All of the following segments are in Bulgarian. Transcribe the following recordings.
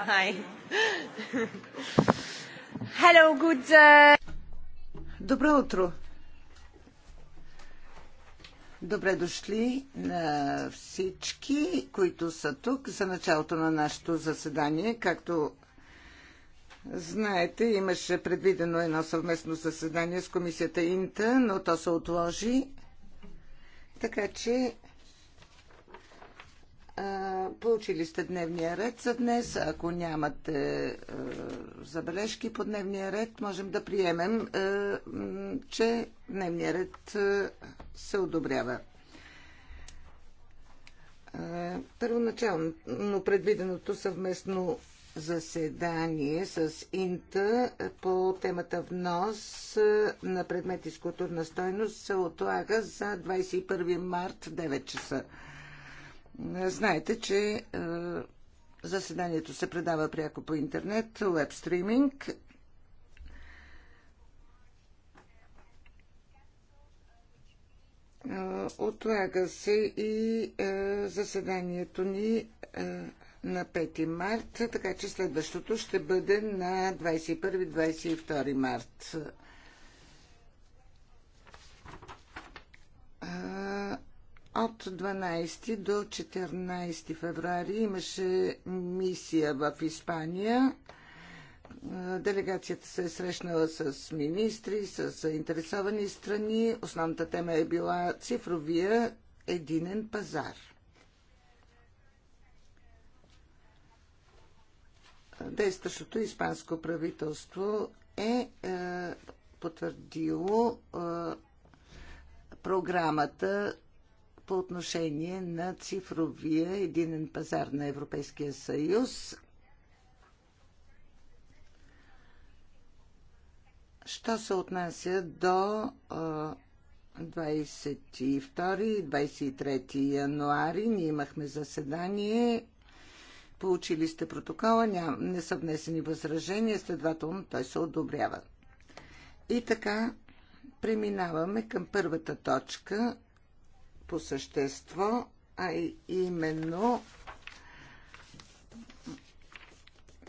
Hi. Hello, good... Uh, Добро утро! Добре дошли на всички, които са тук за началото на нашето заседание. Както знаете, имаше предвидено едно съвместно заседание с комисията Инта, но то се отложи така че получили сте дневния ред за днес. Ако нямате забележки по дневния ред, можем да приемем, че дневния ред се одобрява. първоначално предвиденото съвместно заседание с Инта по темата внос на предмети с културна стойност се отлага за 21 март 9 часа. Знаете, че е, заседанието се предава пряко по интернет, веб стриминг. Е, отлага се и е, заседанието ни на 5 март, така че следващото ще бъде на 21-22 март. От 12 до 14 феврари имаше мисия в Испания. Делегацията се е срещнала с министри, с заинтересовани страни. Основната тема е била цифровия единен пазар. действащото испанско правителство е, е потвърдило е, програмата по отношение на цифровия единен пазар на Европейския съюз. Що се отнася до 22-23 е, януари, ние имахме заседание Получили сте протокола, ням, не са внесени възражения, следователно той се одобрява. И така, преминаваме към първата точка по същество, а именно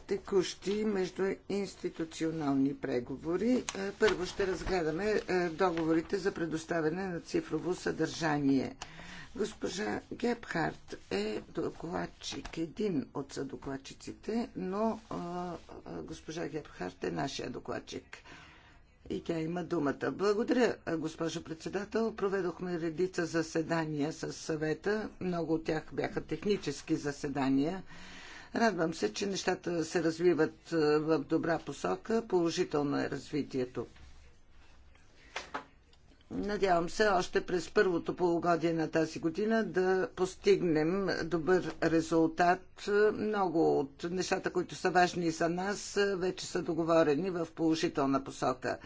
текущи междуинституционални преговори. Е, първо ще разгледаме е, договорите за предоставяне на цифрово съдържание – Госпожа Гепхарт е докладчик, един от съдокладчиците, но а, госпожа Гепхарт е нашия докладчик. И тя има думата. Благодаря, госпожо председател. Проведохме редица заседания с съвета. Много от тях бяха технически заседания. Радвам се, че нещата се развиват в добра посока. Положително е развитието. Надявам се още през първото полугодие на тази година да постигнем добър резултат. Много от нещата, които са важни за нас, вече са договорени в положителна посока.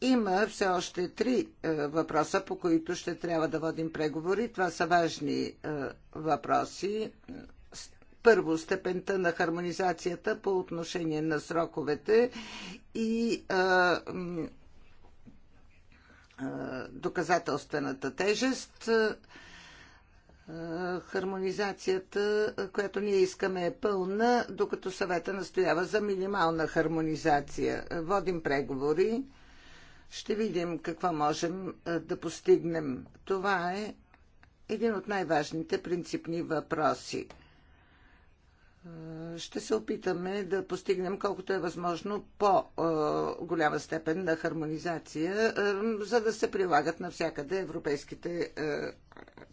Има все още три е, въпроса, по които ще трябва да водим преговори. Това са важни е, въпроси. Първо, степента на хармонизацията по отношение на сроковете и е, доказателствената тежест. Хармонизацията, която ние искаме е пълна, докато съвета настоява за минимална хармонизация. Водим преговори. Ще видим какво можем да постигнем. Това е един от най-важните принципни въпроси. Е, ще се опитаме да постигнем колкото е възможно по-голяма степен на хармонизация, е, за да се прилагат навсякъде европейските е,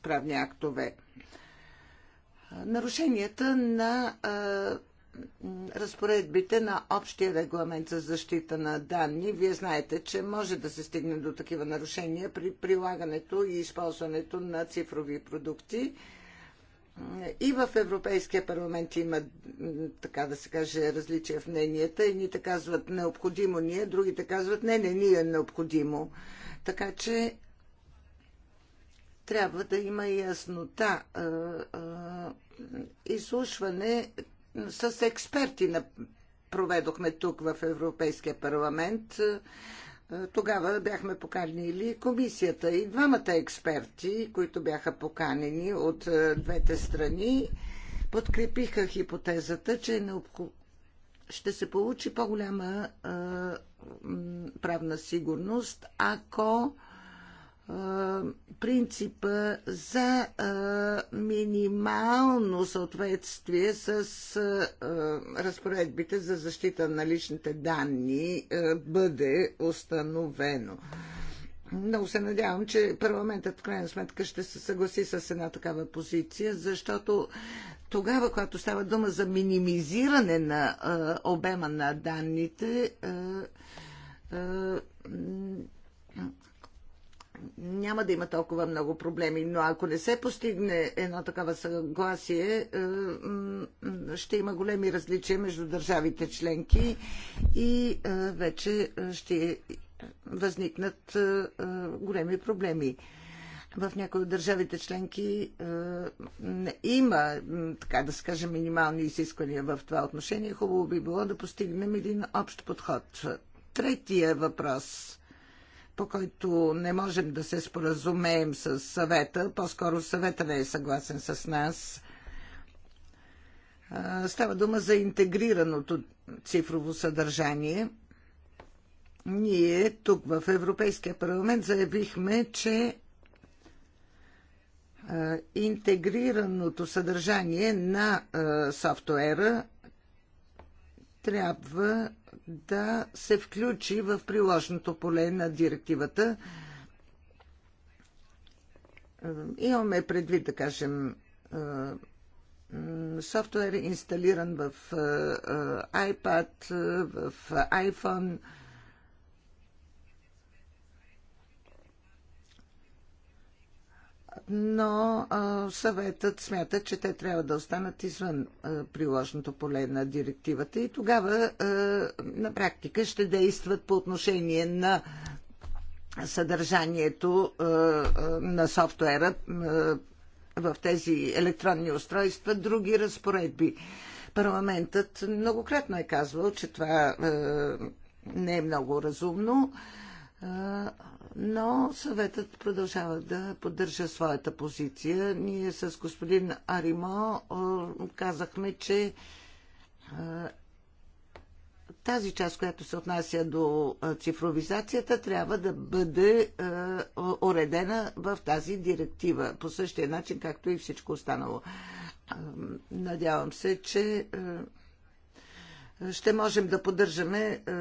правни актове. Нарушенията на разпоредбите на общия регламент за защита на данни. Вие знаете, че може да се стигне до такива нарушения при прилагането и използването на цифрови продукти и в Европейския парламент има, така да се каже, различия в мненията. Едните казват необходимо ние, другите казват не, не ние е необходимо. Така че трябва да има яснота. Изслушване с експерти проведохме тук в Европейския парламент тогава бяхме поканили комисията и двамата експерти, които бяха поканени от е, двете страни, подкрепиха хипотезата, че е необходимо ще се получи по-голяма е, правна сигурност, ако принципа за минимално съответствие с разпоредбите за защита на личните данни бъде установено. Много се надявам, че парламентът в крайна сметка ще се съгласи с една такава позиция, защото тогава, когато става дума за минимизиране на а, обема на данните, а, а, няма да има толкова много проблеми, но ако не се постигне едно такава съгласие, е, ще има големи различия между държавите членки и е, вече ще възникнат е, големи проблеми. В някои от държавите членки има, така да скажем, минимални изисквания в това отношение. Хубаво би било да постигнем един общ подход. Третия въпрос – по който не можем да се споразумеем с съвета. По-скоро съвета не е съгласен с нас. Става дума за интегрираното цифрово съдържание. Ние тук в Европейския парламент заявихме, че интегрираното съдържание на софтуера трябва да се включи в приложното поле на директивата. Имаме предвид, да кажем, софтуер инсталиран в iPad, в iPhone – но съветът смята, че те трябва да останат извън приложното поле на директивата и тогава на практика ще действат по отношение на съдържанието на софтуера в тези електронни устройства други разпоредби. Парламентът многократно е казвал, че това не е много разумно но съветът продължава да поддържа своята позиция. Ние с господин Аримо казахме, че тази част, която се отнася до цифровизацията, трябва да бъде уредена в тази директива, по същия начин, както и всичко останало. Надявам се, че ще можем да поддържаме е,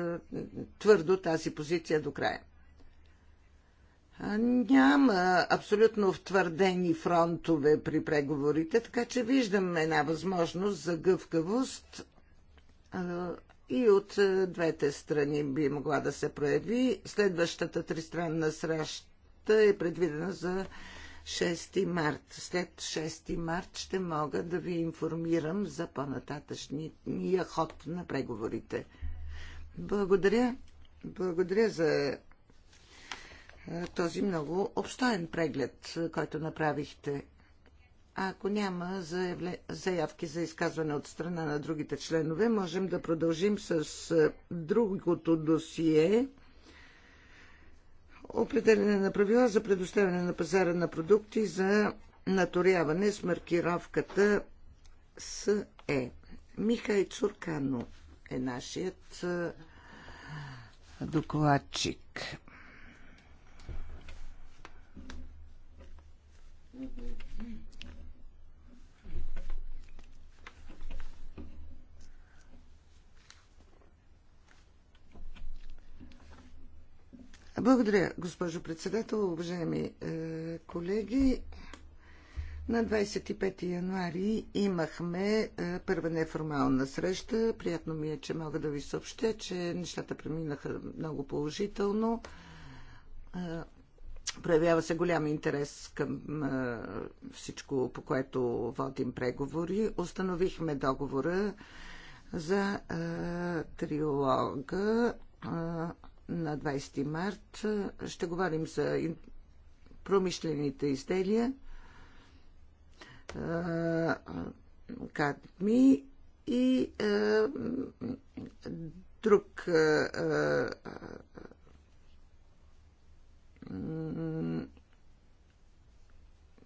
твърдо тази позиция до края. Няма абсолютно втвърдени фронтове при преговорите, така че виждам една възможност за гъвкавост е, и от е, двете страни би могла да се прояви. Следващата тристранна среща е предвидена за 6 март. След 6 март ще мога да ви информирам за по-нататъчния ход на преговорите. Благодаря. Благодаря за този много обстоен преглед, който направихте. А ако няма заявки за изказване от страна на другите членове, можем да продължим с другото досие определене на правила за предоставяне на пазара на продукти за наторяване с маркировката СЕ. Михай Цуркано е нашият докладчик. Mm-hmm. Благодаря, госпожо председател, уважаеми е, колеги. На 25 януари имахме е, първа неформална среща. Приятно ми е, че мога да ви съобщя, че нещата преминаха много положително. Е, проявява се голям интерес към е, всичко, по което водим преговори. Установихме договора за е, триолога. Е, на 20 март. Ще говорим за промишлените изделия, кадми и друг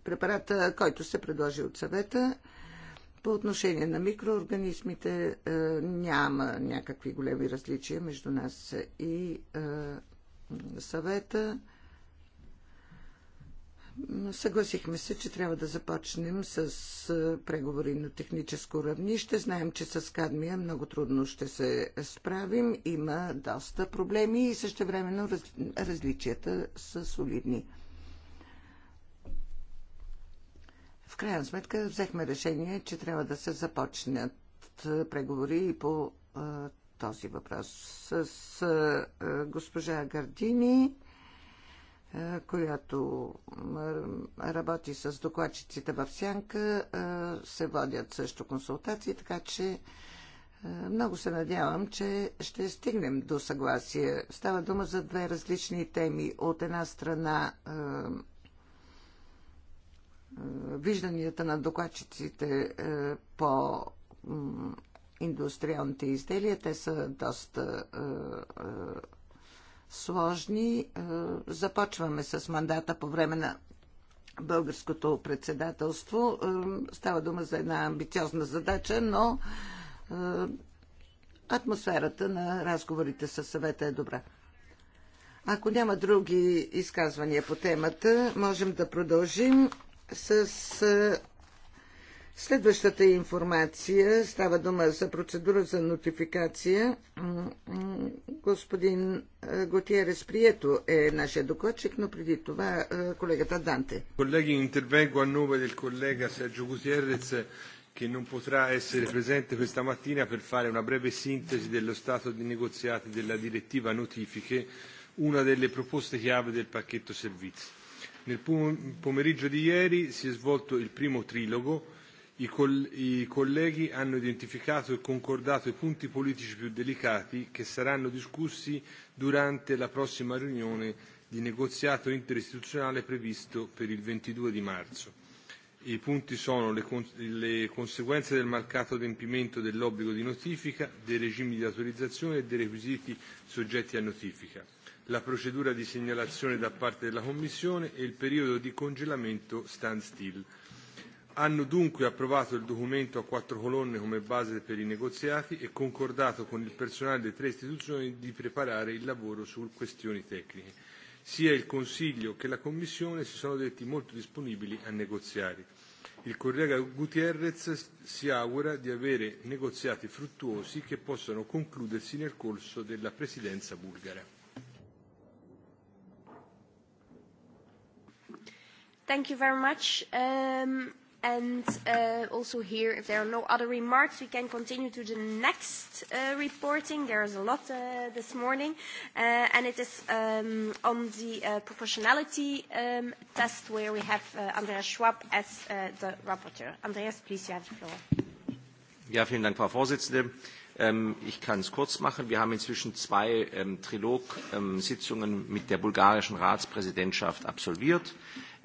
препарат, който се предложи от съвета – по отношение на микроорганизмите е, няма някакви големи различия между нас и е, съвета. Съгласихме се, че трябва да започнем с е, преговори на техническо равнище. Знаем, че с кадмия много трудно ще се справим. Има доста проблеми и същевременно раз... различията са солидни. В крайна сметка взехме решение, че трябва да се започнат преговори и по този въпрос с госпожа Гардини която работи с докладчиците в Сянка, се водят също консултации, така че много се надявам, че ще стигнем до съгласие. Става дума за две различни теми. От една страна вижданията на докладчиците е, по индустриалните изделия. Те са доста е, е, сложни. Започваме с мандата по време на българското председателство. Става дума за една амбициозна задача, но атмосферата на разговорите със съвета е добра. Ако няма други изказвания по темата, можем да продължим с следващата информация. Става дума за процедура за нотификация. Господин Готиерес Прието е нашия докладчик, но преди това колегата Данте. Колеги, интервенго a nome del collega Sergio Gutierrez che non potrà essere presente questa mattina per fare una breve sintesi dello stato dei negoziati della direttiva notifiche, una delle proposte chiave del pacchetto servizi. Nel pomeriggio di ieri si è svolto il primo trilogo. I, coll- I colleghi hanno identificato e concordato i punti politici più delicati che saranno discussi durante la prossima riunione di negoziato interistituzionale previsto per il 22 di marzo. I punti sono le, con- le conseguenze del marcato adempimento dell'obbligo di notifica, dei regimi di autorizzazione e dei requisiti soggetti a notifica la procedura di segnalazione da parte della Commissione e il periodo di congelamento standstill. Hanno dunque approvato il documento a quattro colonne come base per i negoziati e concordato con il personale delle tre istituzioni di preparare il lavoro su questioni tecniche. Sia il Consiglio che la Commissione si sono detti molto disponibili a negoziare. Il collega Gutierrez si augura di avere negoziati fruttuosi che possano concludersi nel corso della presidenza bulgara. Thank you very much. Um, and uh, also here, if there are no other remarks, we can continue to the next uh, reporting. There is a lot uh, this morning, uh, and it is um, on the uh, proportionality um, test where we have uh, Andreas Schwab as uh, the rapporteur. Andreas, please, you have the floor. Ja, vielen Dank, Frau Vorsitzende. Ich kann es kurz machen. Wir haben inzwischen zwei Trilog-Sitzungen mit der bulgarischen Ratspräsidentschaft absolviert.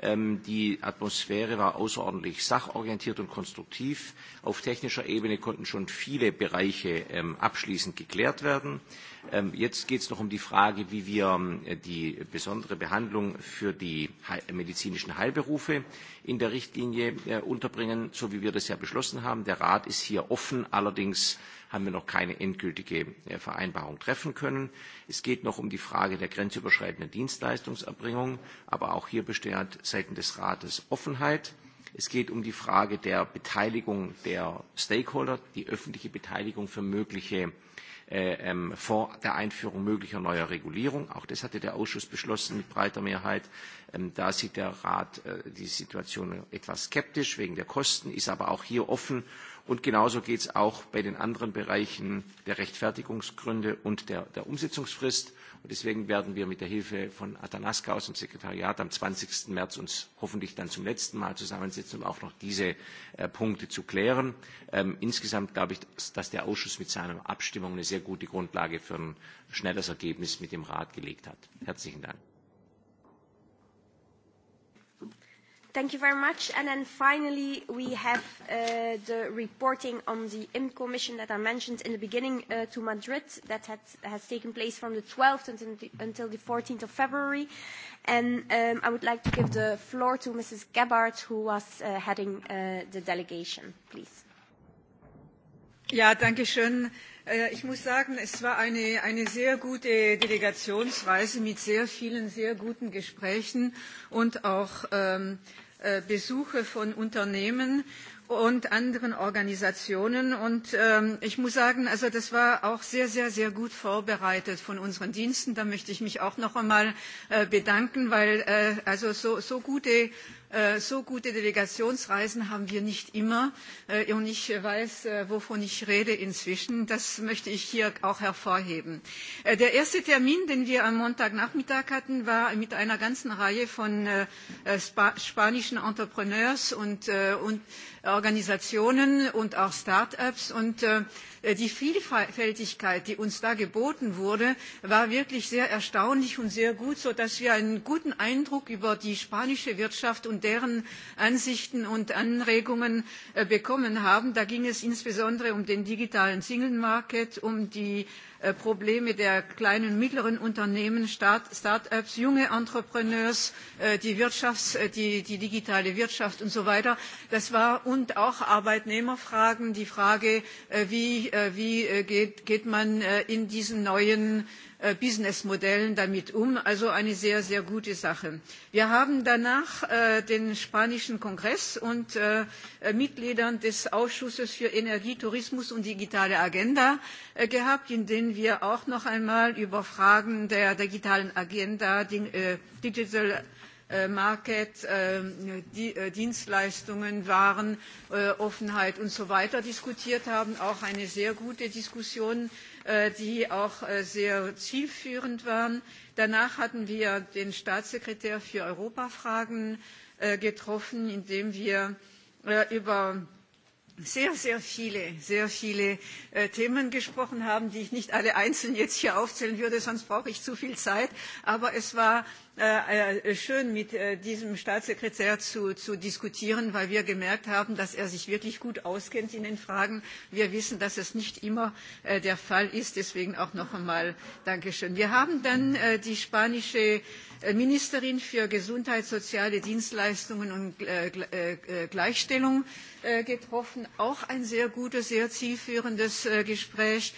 Die Atmosphäre war außerordentlich sachorientiert und konstruktiv. Auf technischer Ebene konnten schon viele Bereiche abschließend geklärt werden. Jetzt geht es noch um die Frage, wie wir die besondere Behandlung für die medizinischen Heilberufe in der Richtlinie unterbringen, so wie wir das ja beschlossen haben. Der Rat ist hier offen, allerdings haben wir noch keine endgültige Vereinbarung treffen können. Es geht noch um die Frage der grenzüberschreitenden Dienstleistungserbringung, aber auch hier besteht seitens des Rates Offenheit. Es geht um die Frage der Beteiligung der Stakeholder, die öffentliche Beteiligung für mögliche vor der Einführung möglicher neuer Regulierung. Auch das hatte der Ausschuss beschlossen mit breiter Mehrheit. Da sieht der Rat die Situation etwas skeptisch wegen der Kosten, ist aber auch hier offen. Und genauso geht es auch bei den anderen Bereichen der Rechtfertigungsgründe und der, Umsetzungsfrist. Und deswegen werden wir mit der Hilfe von Atanaska aus dem Sekretariat am 20. März uns hoffentlich dann zum letzten Mal zusammensetzen, um auch noch diese Punkte zu klären. insgesamt glaube ich, dass der Ausschuss mit seiner Abstimmung eine sehr gute Grundlage für ein schnelles Ergebnis mit dem Rat gelegt hat. Herzlichen Dank. Thank you very much. And then finally, we have the reporting on the IMCO Commission that I mentioned in the beginning to Madrid that has taken place from the 12th until the 14th of February. And I would like to give the floor to Mrs. Gebhardt, who was heading the delegation. Please. Ja, danke schön. Ich muss sagen, es war eine, eine sehr gute Delegationsreise mit sehr vielen, sehr guten Gesprächen und auch ähm, Besuche von Unternehmen und anderen Organisationen. Und ich muss sagen, also das war auch sehr, sehr, sehr gut vorbereitet von unseren Diensten. Da möchte ich mich auch noch einmal bedanken, weil also so, so gute so gute Delegationsreisen haben wir nicht immer. und ich weiß, wovon ich rede inzwischen. Das möchte ich hier auch hervorheben. der erste Termin, den wir am Montagnachmittag hatten, war mit einer ganzen Reihe von spanischen Entrepreneurs und, Organisationen und auch Start-ups. Und die Vielfältigkeit, die uns da geboten wurde, war wirklich sehr erstaunlich und sehr gut, sodass wir einen guten Eindruck über die spanische Wirtschaft deren Ansichten und Anregungen bekommen haben. Da ging es insbesondere um den digitalen Single Market, um die Probleme der kleinen und mittleren Unternehmen, Start-ups, junge Entrepreneurs, die, digitale Wirtschaft und so weiter. Das war und auch Arbeitnehmerfragen, die Frage, wie, geht, man in diesen neuen Businessmodellen damit um. Also eine sehr, sehr gute Sache. Wir haben danach den spanischen Kongress und Mitgliedern des Ausschusses für Energie, Tourismus und digitale Agenda gehabt, in denen wir auch noch einmal über Fragen der digitalen Agenda, Digital Market, Dienstleistungen, Waren, Offenheit und so weiter diskutiert haben. Auch eine sehr gute Diskussion die auch sehr zielführend waren. Danach hatten wir den Staatssekretär für Europafragen getroffen, indem wir über sehr, sehr viele, sehr viele Themen gesprochen haben, die ich nicht alle einzeln jetzt hier aufzählen würde, sonst brauche ich zu viel Zeit. Aber es war schön, mit diesem Staatssekretär zu, diskutieren, weil wir gemerkt haben, dass er sich wirklich gut auskennt in den Fragen. Wir wissen, dass es nicht immer der Fall ist. Deswegen auch noch einmal Dankeschön. Wir haben dann die spanische Ministerin für Gesundheit, soziale Dienstleistungen und Gleichstellung getroffen. Auch ein sehr gutes, sehr zielführendes Gespräch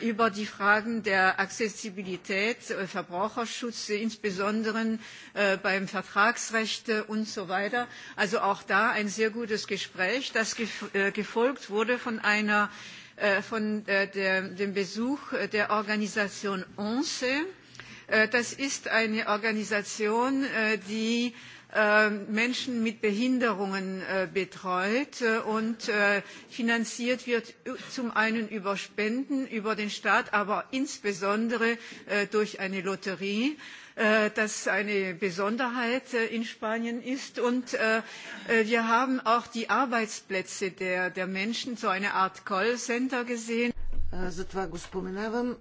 über die Fragen der Accessibilität, Verbraucherschutz, insbesondere beim Vertragsrecht und so weiter. Also auch da ein sehr gutes Gespräch, das gefolgt wurde von einer von dem Besuch der Organisation ONCE, Das ist eine Organisation, die Menschen mit Behinderungen betreut und finanziert wird zum einen über Spenden, über den Staat, aber insbesondere durch eine Lotterie das eine Besonderheit in Spanien ist. Und wir haben auch die Arbeitsplätze der Menschen, so eine Art Callcenter gesehen затова го споменавам.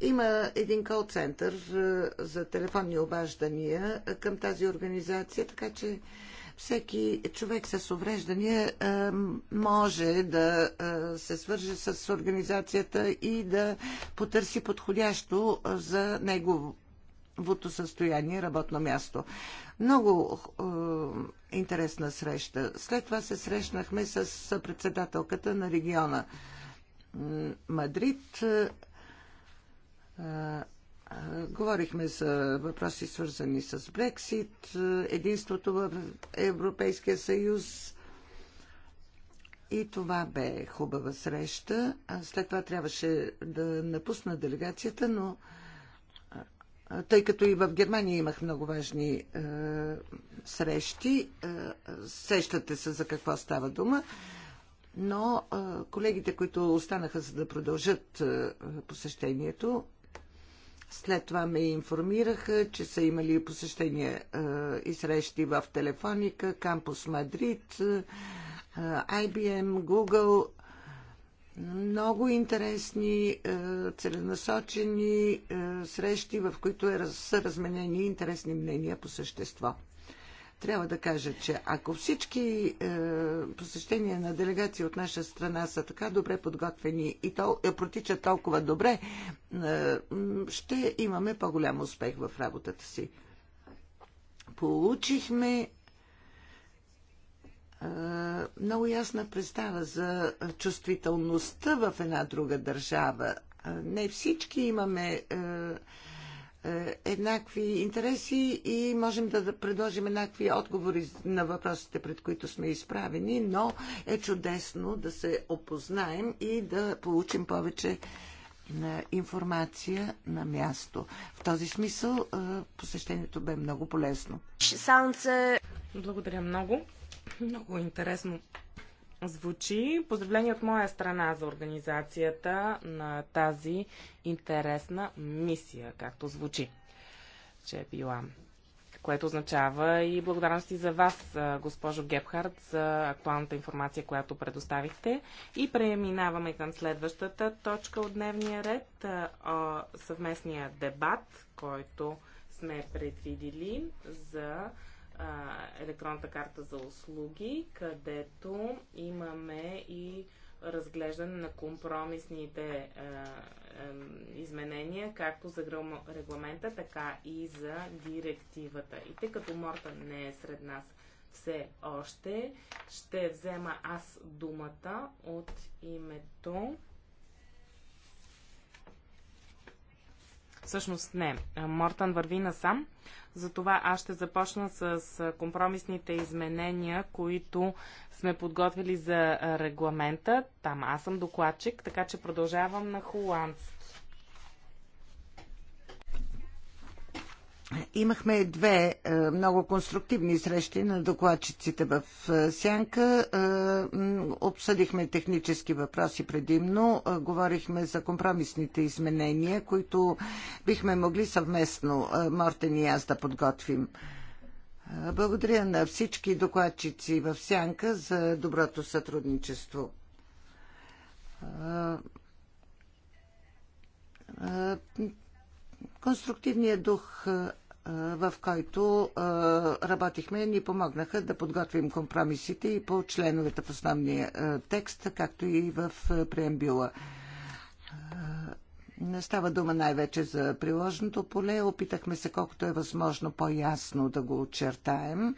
Има един кол-център за телефонни обаждания към тази организация, така че всеки човек с увреждания може да се свърже с организацията и да потърси подходящо за неговото състояние, работно място. Много е, интересна среща. След това се срещнахме с председателката на региона Мадрид. Говорихме за въпроси свързани с Брексит, единството в Европейския съюз. И това бе хубава среща. След това трябваше да напусна делегацията, но тъй като и в Германия имах много важни е, срещи, е, сещате се за какво става дума. Е, но колегите, които останаха за да продължат посещението, след това ме информираха, че са имали посещения и срещи в Телефоника, Кампус Мадрид, IBM, Google. Много интересни, целенасочени срещи, в които е са разменени интересни мнения по същество трябва да кажа, че ако всички е, посещения на делегации от наша страна са така добре подготвени и тол, е, протичат толкова добре, е, ще имаме по-голям успех в работата си. Получихме е, много ясна представа за чувствителността в една друга държава. Е, не всички имаме. Е, е, еднакви интереси и можем да предложим еднакви отговори на въпросите, пред които сме изправени, но е чудесно да се опознаем и да получим повече е, информация на място. В този смисъл е, посещението бе много полезно. Благодаря много. Много интересно звучи поздравление от моя страна за организацията на тази интересна мисия, както звучи, че е била. Което означава и благодарности за вас, госпожо Гепхард, за актуалната информация, която предоставихте. И преминаваме към следващата точка от дневния ред, съвместния дебат, който сме предвидили за а, електронната карта за услуги, където имаме и разглеждане на компромисните а, а, изменения, както за регламента, така и за директивата. И тъй като морта не е сред нас все още, ще взема аз думата от името Всъщност не. Мортън върви насам. Затова аз ще започна с компромисните изменения, които сме подготвили за регламента. Там аз съм докладчик, така че продължавам на холандски Имахме две е, много конструктивни срещи на докладчиците в е, Сянка. Е, обсъдихме технически въпроси предимно. Говорихме за компромисните изменения, които бихме могли съвместно, Мортен и аз, да подготвим. Благодаря на всички докладчици в Сянка за доброто сътрудничество Конструктивният дух, в който работихме, ни помогнаха да подготвим компромисите и по членовете в основния текст, както и в преембюла. Не става дума най-вече за приложното поле. Опитахме се колкото е възможно по-ясно да го очертаем.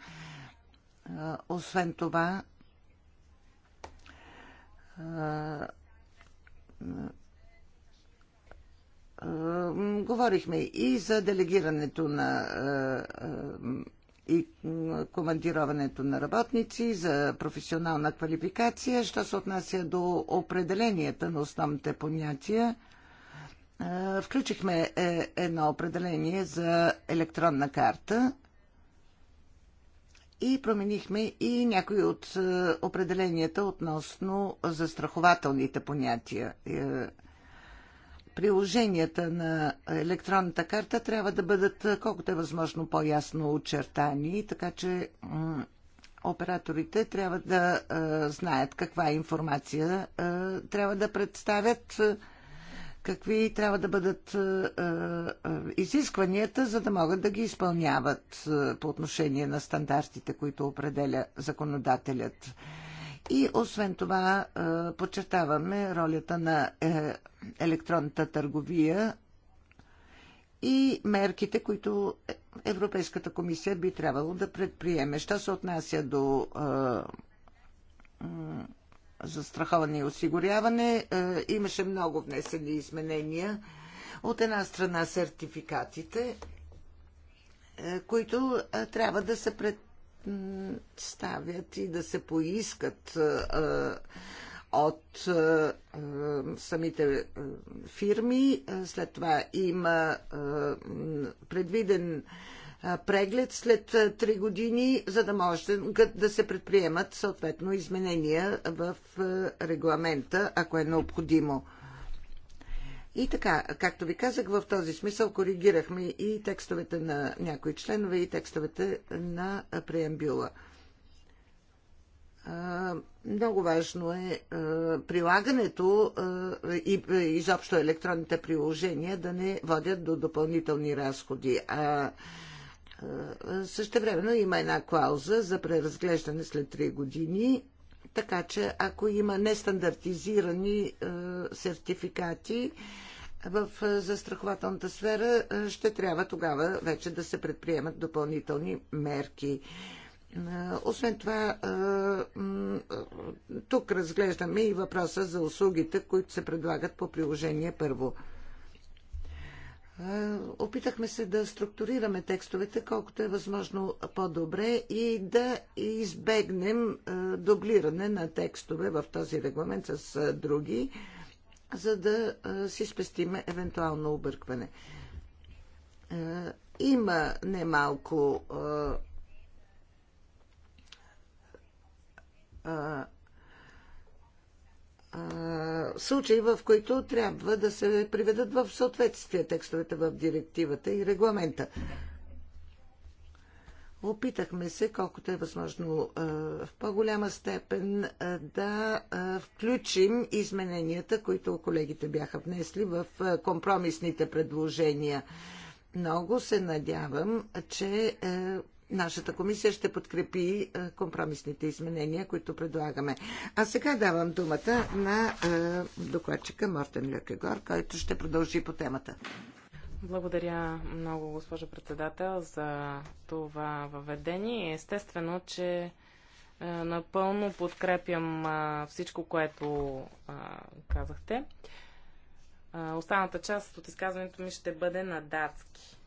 Освен това, говорихме и за делегирането на и командироването на работници, за професионална квалификация. Що се отнася до определенията на основните понятия, включихме е, едно определение за електронна карта и променихме и някои от е, определенията относно застрахователните понятия е, приложенията на електронната карта трябва да бъдат колкото е възможно по-ясно очертани, така че операторите трябва да знаят каква информация трябва да представят, какви трябва да бъдат изискванията, за да могат да ги изпълняват по отношение на стандартите, които определя законодателят. И освен това подчертаваме ролята на е, електронната търговия и мерките, които Европейската комисия би трябвало да предприеме. Що се отнася до застраховане и осигуряване, имаше много внесени изменения. От една страна сертификатите, които трябва да се пред ставят и да се поискат от самите фирми. След това има предвиден преглед след 3 години, за да може да се предприемат съответно изменения в регламента, ако е необходимо. И така, както ви казах, в този смисъл коригирахме и текстовете на някои членове, и текстовете на преамбюла. Много важно е прилагането и изобщо електронните приложения да не водят до допълнителни разходи. А също времено има една клауза за преразглеждане след 3 години така че ако има нестандартизирани е, сертификати в е, застрахователната сфера, е, ще трябва тогава вече да се предприемат допълнителни мерки. Освен това, тук разглеждаме и въпроса за услугите, които се предлагат по приложение първо. Е, опитахме се да структурираме текстовете колкото е възможно по-добре и да избегнем е, дублиране на текстове в този регламент с е, други, за да си спестиме евентуално объркване. Има немалко случаи, в които трябва да се приведат в съответствие текстовете в директивата и регламента. Опитахме се, колкото е възможно в по-голяма степен, да включим измененията, които колегите бяха внесли в компромисните предложения. Много се надявам, че е, нашата комисия ще подкрепи е, компромисните изменения, които предлагаме. А сега давам думата на е, докладчика Мортен Лекегор, който ще продължи по темата. Благодаря много, госпожо председател, за това въведение. Естествено, че е, напълно подкрепям всичко, което казахте. Останата част от изказването ми ще бъде на датски.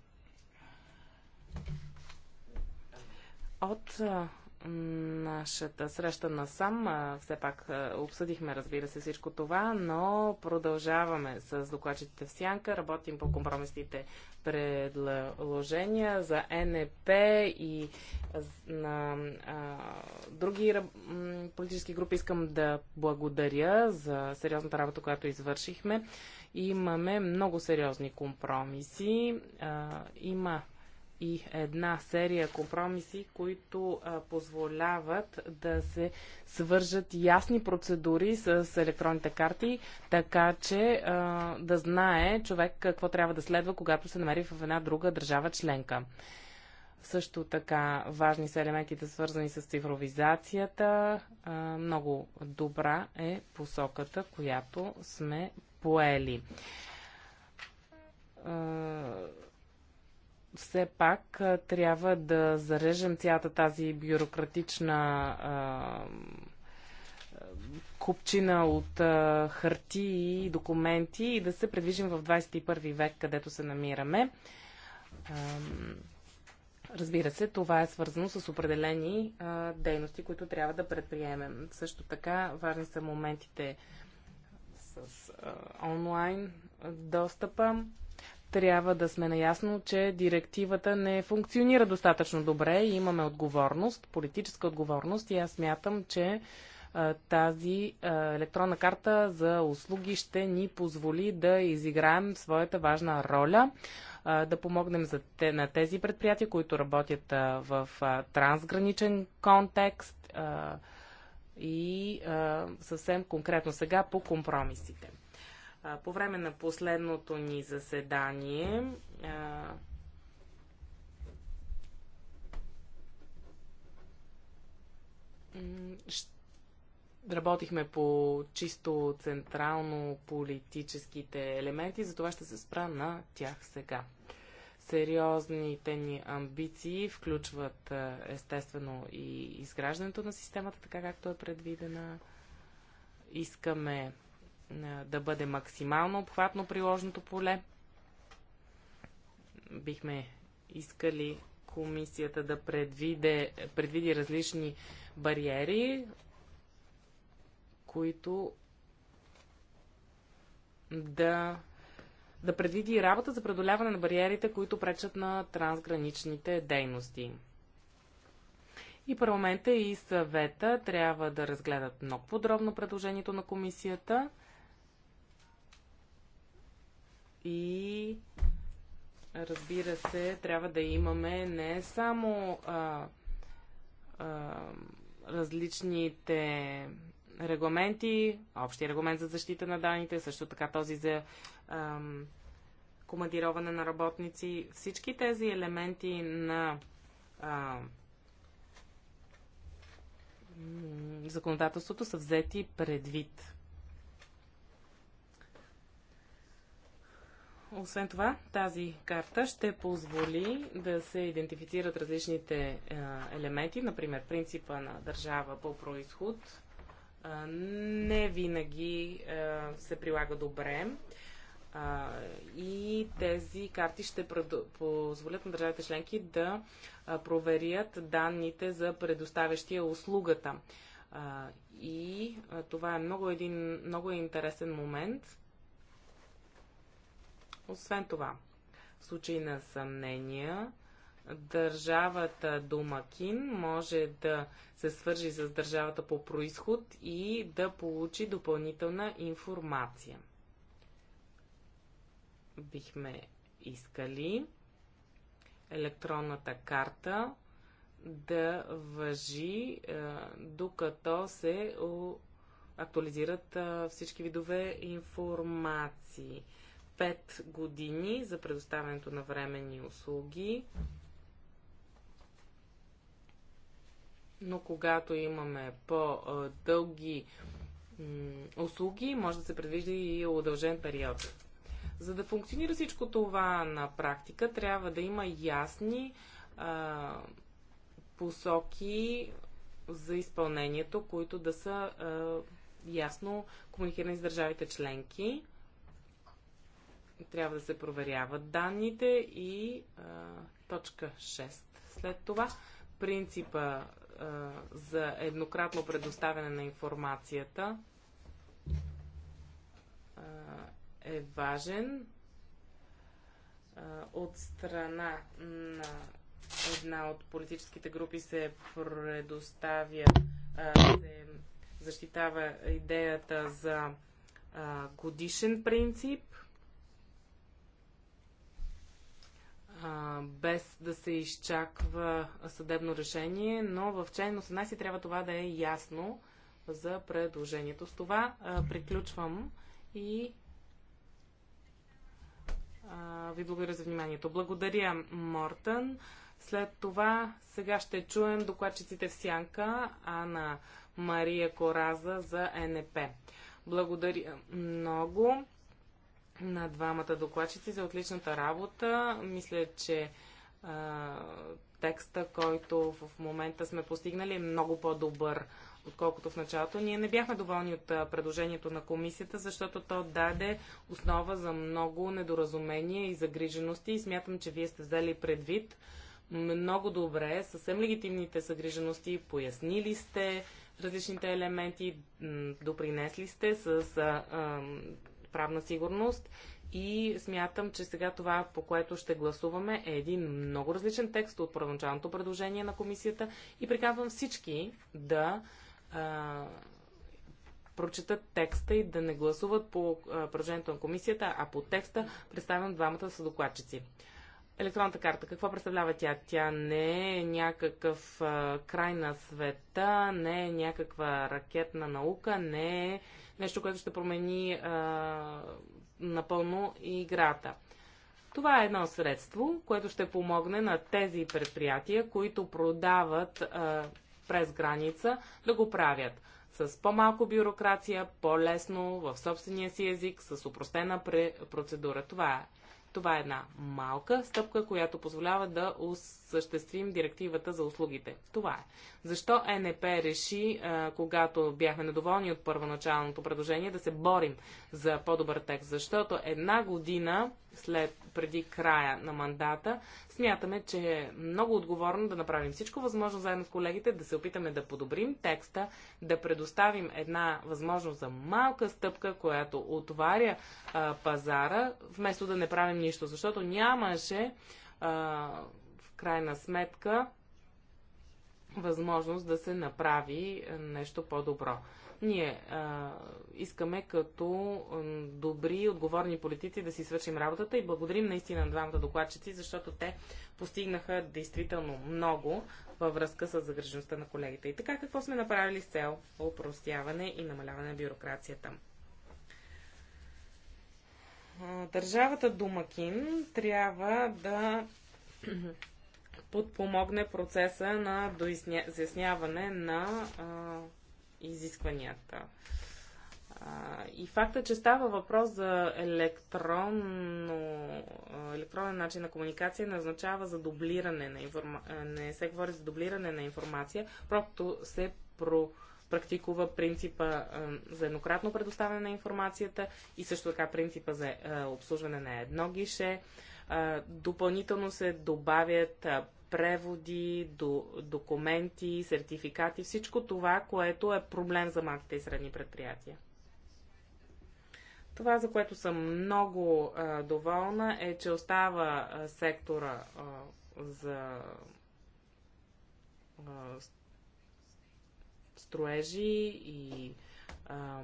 От нашата среща насам. Все пак обсъдихме, разбира се, всичко това, но продължаваме с докладчите в сянка, работим по компромисните предложения за НП и на а, други политически групи. Искам да благодаря за сериозната работа, която извършихме. Имаме много сериозни компромиси. А, има и една серия компромиси, които а, позволяват да се свържат ясни процедури с, с електронните карти, така че а, да знае човек какво трябва да следва, когато се намери в една друга държава членка. Също така важни са елементите, свързани с цифровизацията. А, много добра е посоката, която сме поели все пак трябва да зарежем цялата тази бюрократична а, купчина от а, хартии и документи и да се предвижим в 21 век, където се намираме. А, разбира се, това е свързано с определени а, дейности, които трябва да предприемем. Също така, важни са моментите с а, онлайн достъпа трябва да сме наясно, че директивата не функционира достатъчно добре и имаме отговорност, политическа отговорност и аз мятам, че тази електронна карта за услуги ще ни позволи да изиграем своята важна роля, да помогнем на тези предприятия, които работят в трансграничен контекст и съвсем конкретно сега по компромисите. По време на последното ни заседание работихме по чисто централно политическите елементи, затова ще се спра на тях сега. Сериозните ни амбиции включват естествено и изграждането на системата така както е предвидена. Искаме е, да бъде максимално обхватно приложното поле. Бихме искали комисията да предвиде, предвиди различни бариери, които да, да предвиди работа за преодоляване на бариерите, които пречат на трансграничните дейности. И парламента и съвета трябва да разгледат много подробно предложението на комисията и разбира се, трябва да имаме не само а, а, различните регламенти, общия регламент за защита на данните, също така този за а, командироване на работници. Всички тези елементи на а, законодателството са взети предвид. Освен това, тази карта ще позволи да се идентифицират различните е, елементи, например принципа на държава по происход. Е, не винаги е, се прилага добре. и тези карти ще позволят на държавите членки да проверят данните за предоставящия услугата. и това е много един много интересен момент, освен това, в случай на съмнения, държавата домакин може да се свържи с държавата по происход и да получи допълнителна информация. Бихме искали електронната карта да въжи е, докато се актуализират е, всички видове информации. 5 години за предоставянето на временни услуги. Но когато имаме по-дълги услуги, може да се предвижда и удължен период. За да функционира всичко това на практика, трябва да има ясни а, посоки за изпълнението, които да са а, ясно комуникирани с държавите членки трябва да се проверяват данните и а, точка 6. След това принципа а, за еднократно предоставяне на информацията а, е важен а, от страна на една от политическите групи се предоставя, а, се защитава идеята за а, годишен принцип – а, без да се изчаква съдебно решение, но в член 18 трябва това да е ясно за предложението. С това а, приключвам и а, ви благодаря за вниманието. Благодаря, Мортън. След това сега ще чуем докладчиците в сянка Ана Мария Кораза за НП. Благодаря много на двамата докладчици за отличната работа. Мисля, че а, текста, който в момента сме постигнали, е много по-добър, отколкото в началото. Ние не бяхме доволни от предложението на комисията, защото то даде основа за много недоразумения и загрижености и смятам, че вие сте взели предвид много добре, съвсем легитимните съгрижености, пояснили сте различните елементи, допринесли сте с а, а, правна сигурност и смятам, че сега това, по което ще гласуваме, е един много различен текст от първоначалното предложение на комисията и приказвам всички да а, прочитат текста и да не гласуват по предложението на комисията, а по текста представям двамата са докладчици. Електронната карта, какво представлява тя? Тя не е някакъв а, край на света, не е някаква ракетна наука, не е нещо, което ще промени а, напълно играта. Това е едно средство, което ще помогне на тези предприятия, които продават а, през граница, да го правят с по-малко бюрокрация, по-лесно в собствения си език, с упростена процедура. Това е. Това е една малка стъпка, която позволява да осъществим директивата за услугите. Това е. Защо НП реши, когато бяхме недоволни от първоначалното предложение, да се борим за по-добър текст? Защото една година след преди края на мандата, смятаме, че е много отговорно да направим всичко възможно заедно с колегите, да се опитаме да подобрим текста, да предоставим една възможност за малка стъпка, която отваря а, пазара, вместо да не правим нищо. Защото нямаше а, в крайна сметка възможност да се направи е, нещо по-добро. Ние а, е, искаме като е, добри, отговорни политици да си свършим работата и благодарим наистина на двамата докладчици, защото те постигнаха действително много във връзка с загрежността на колегите. И така, какво сме направили с цел упростяване и намаляване на бюрокрацията? Държавата Думакин трябва да подпомогне процеса на доизясняване на а, изискванията. А, и факта, че става въпрос за електронно, електронен начин на комуникация, не означава за дублиране на информация. Не се говори за дублиране на информация, просто се про практикува принципа а, за еднократно предоставяне на информацията и също така принципа за а, обслужване на едно гише. А, допълнително се добавят преводи, до, документи, сертификати, всичко това, което е проблем за малките и средни предприятия. Това, за което съм много а, доволна, е, че остава а, сектора а, за а, строежи и а,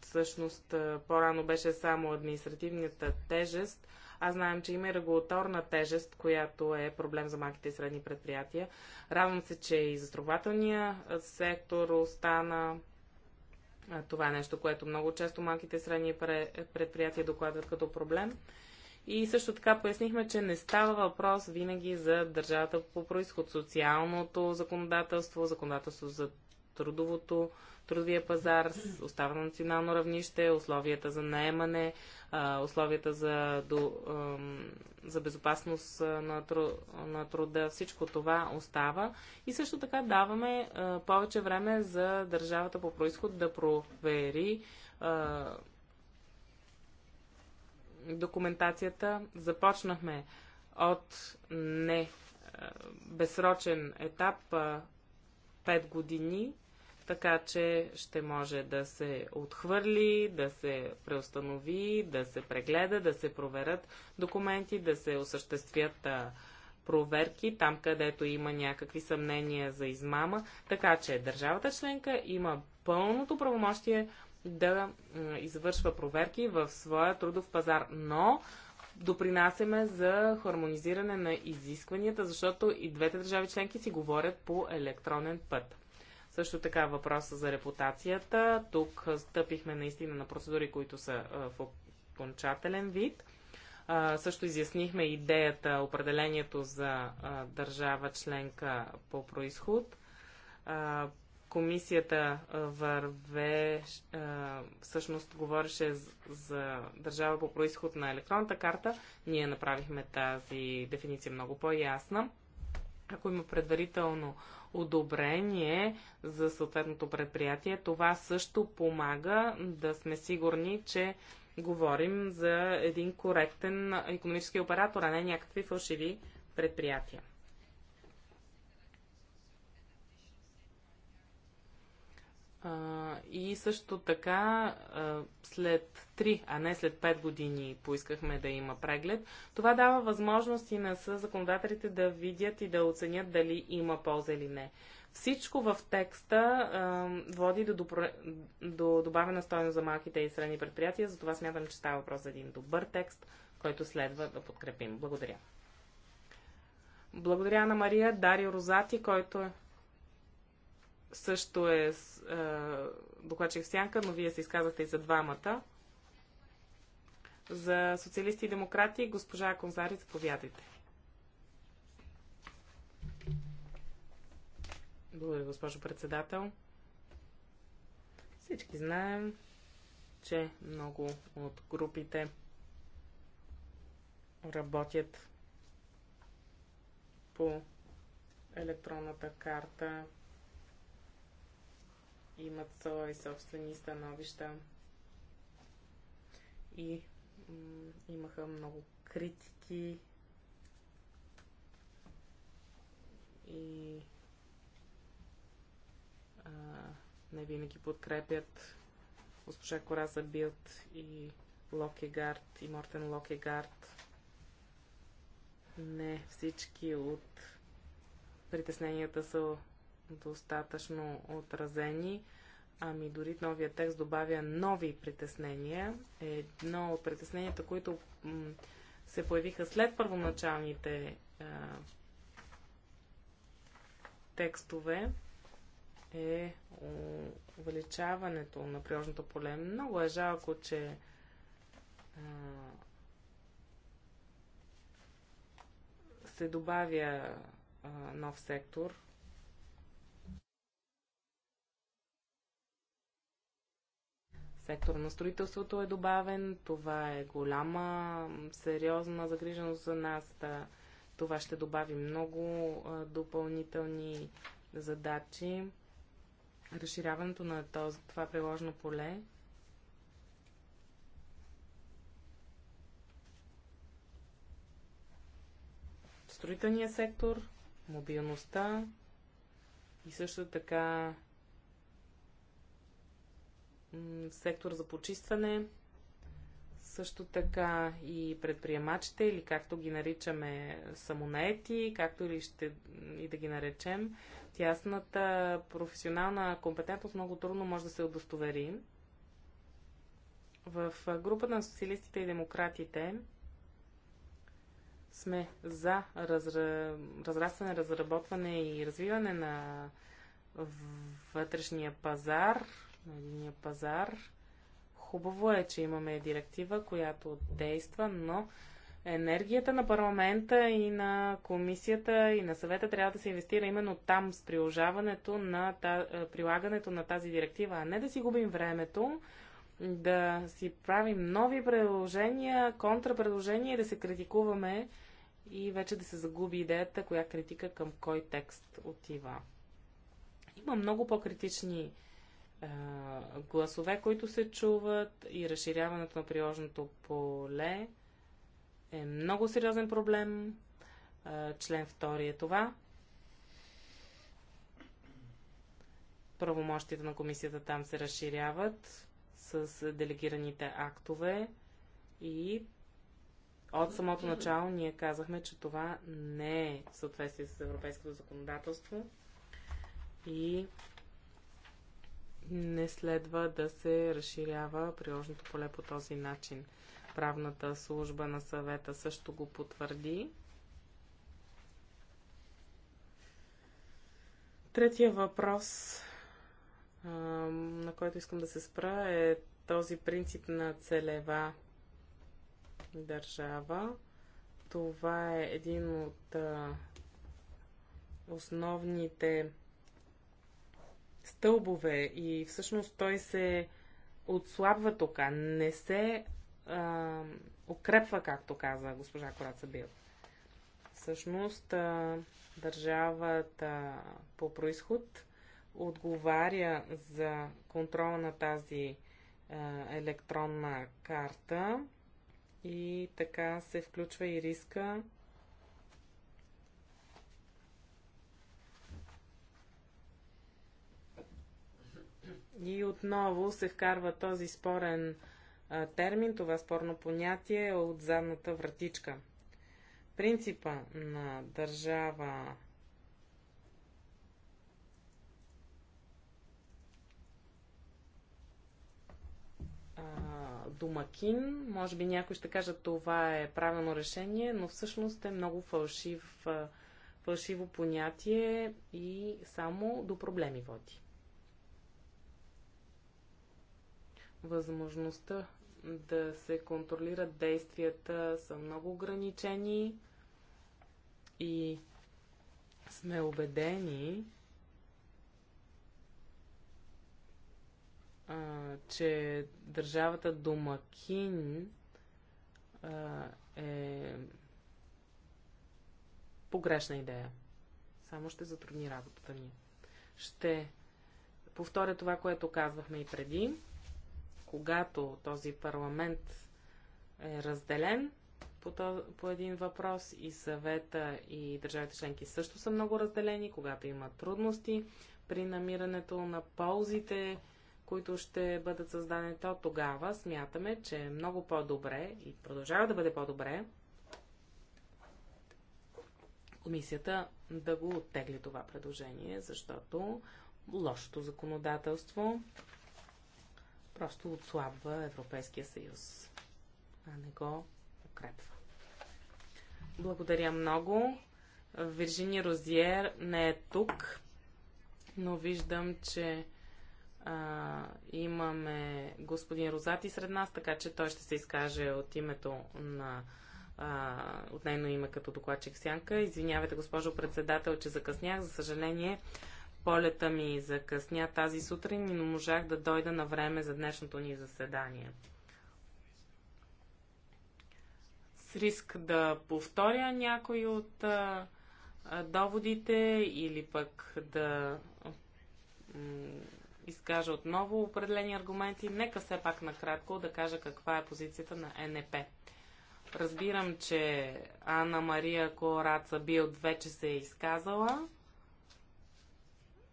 всъщност по-рано беше само административната тежест – а знаем, че има и регулаторна тежест, която е проблем за малките и средни предприятия. Радвам се, че и застрахователния сектор остана. Това е нещо, което много често малките и средни предприятия докладват като проблем. И също така пояснихме, че не става въпрос винаги за държавата по происход, социалното законодателство, законодателство за трудовото, трудовия пазар, остава на национално равнище, условията за наемане, условията за, до, за безопасност на, тру, на труда, всичко това остава. И също така даваме повече време за държавата по происход да провери документацията. Започнахме от не безсрочен етап 5 години така че ще може да се отхвърли, да се преустанови, да се прегледа, да се проверят документи, да се осъществят проверки там, където има някакви съмнения за измама. Така че държавата членка има пълното правомощие да извършва проверки в своя трудов пазар, но допринасяме за хармонизиране на изискванията, защото и двете държави членки си говорят по електронен път. Също така въпроса за репутацията. Тук стъпихме наистина на процедури, които са в окончателен вид. също изяснихме идеята, определението за държава членка по происход. комисията върве, всъщност говореше за държава по происход на електронната карта. Ние направихме тази дефиниция много по-ясна. Ако има предварително одобрение за съответното предприятие. Това също помага да сме сигурни, че говорим за един коректен економически оператор, а не някакви фалшиви предприятия. И също така, след 3, а не след 5 години поискахме да има преглед. Това дава възможност и на законодателите да видят и да оценят дали има полза или не. Всичко в текста а, води до, добро, до добавена стойност за малките и средни предприятия, затова смятам, че става въпрос за един добър текст, който следва да подкрепим. Благодаря. Благодаря на Мария Дарио Розати, който също е, е докладчик в сянка, но вие се изказахте и за двамата. За социалисти и демократи, госпожа Конзари, заповядайте. Благодаря, госпожо председател. Всички знаем, че много от групите работят по електронната карта, имат свои собствени становища и Имаха много критики и а, не винаги подкрепят госпожа Кораза Билт и Локегард и Мортен Локегард. Не всички от притесненията са достатъчно отразени. Ами дори новия текст добавя нови притеснения. Едно от притесненията, които се появиха след първоначалните а, текстове, е увеличаването на приложното поле. Много е жалко, че а, се добавя а, нов сектор Сектор на строителството е добавен. Това е голяма, сериозна загриженост за нас. Това ще добави много допълнителни задачи. Разширяването на този, това приложено поле строителния сектор, мобилността и също така сектор за почистване, също така и предприемачите, или както ги наричаме самонаети, както или ще и да ги наречем, тясната професионална компетентност много трудно може да се удостовери. В групата на социалистите и демократите сме за разра... разрастване, разработване и развиване на вътрешния пазар, на единия пазар. Хубаво е, че имаме директива, която действа, но енергията на парламента и на комисията и на съвета трябва да се инвестира именно там с приложаването на е, прилагането на тази директива, а не да си губим времето, да си правим нови предложения, контрапредложения и да се критикуваме и вече да се загуби идеята, коя критика към кой текст отива. Има много по-критични гласове, които се чуват и разширяването на приложеното поле е много сериозен проблем. Член 2 е това. Правомощите на комисията там се разширяват с делегираните актове и от самото начало ние казахме, че това не е в съответствие с европейското законодателство и не следва да се разширява приложното поле по този начин. Правната служба на съвета също го потвърди. Третия въпрос, на който искам да се спра, е този принцип на целева държава. Това е един от основните стълбове и всъщност той се отслабва тук, не се а, укрепва, както каза госпожа Кораца Бил. Всъщност а, държавата по происход отговаря за контрола на тази а, електронна карта и така се включва и риска И отново се вкарва този спорен а, термин, това спорно понятие от задната вратичка. Принципа на държава домакин. Може би някой ще каже, това е правилно решение, но всъщност е много фалшив, фалшиво понятие и само до проблеми води. Възможността да се контролират действията са много ограничени и сме убедени, а, че държавата домакин а, е погрешна идея. Само ще затрудни работата ни. Ще повторя това, което казвахме и преди когато този парламент е разделен по, то, по един въпрос и съвета и държавите членки също са много разделени, когато има трудности при намирането на ползите, които ще бъдат създадени, то тогава смятаме, че е много по-добре и продължава да бъде по-добре комисията да го оттегли това предложение, защото лошото законодателство просто отслабва Европейския съюз, а не го укрепва. Благодаря много. Виржини Розиер не е тук, но виждам, че а, имаме господин Розати сред нас, така че той ще се изкаже от името на а, от нейно име като докладчик Сянка. Извинявайте, госпожо председател, че закъснях. За съжаление, Полета ми закъсня тази сутрин и не можах да дойда на време за днешното ни заседание. С риск да повторя някой от а, доводите или пък да изкажа отново определени аргументи, нека все пак накратко да кажа каква е позицията на НП. Разбирам, че Анна Мария Кораца Билд вече се е изказала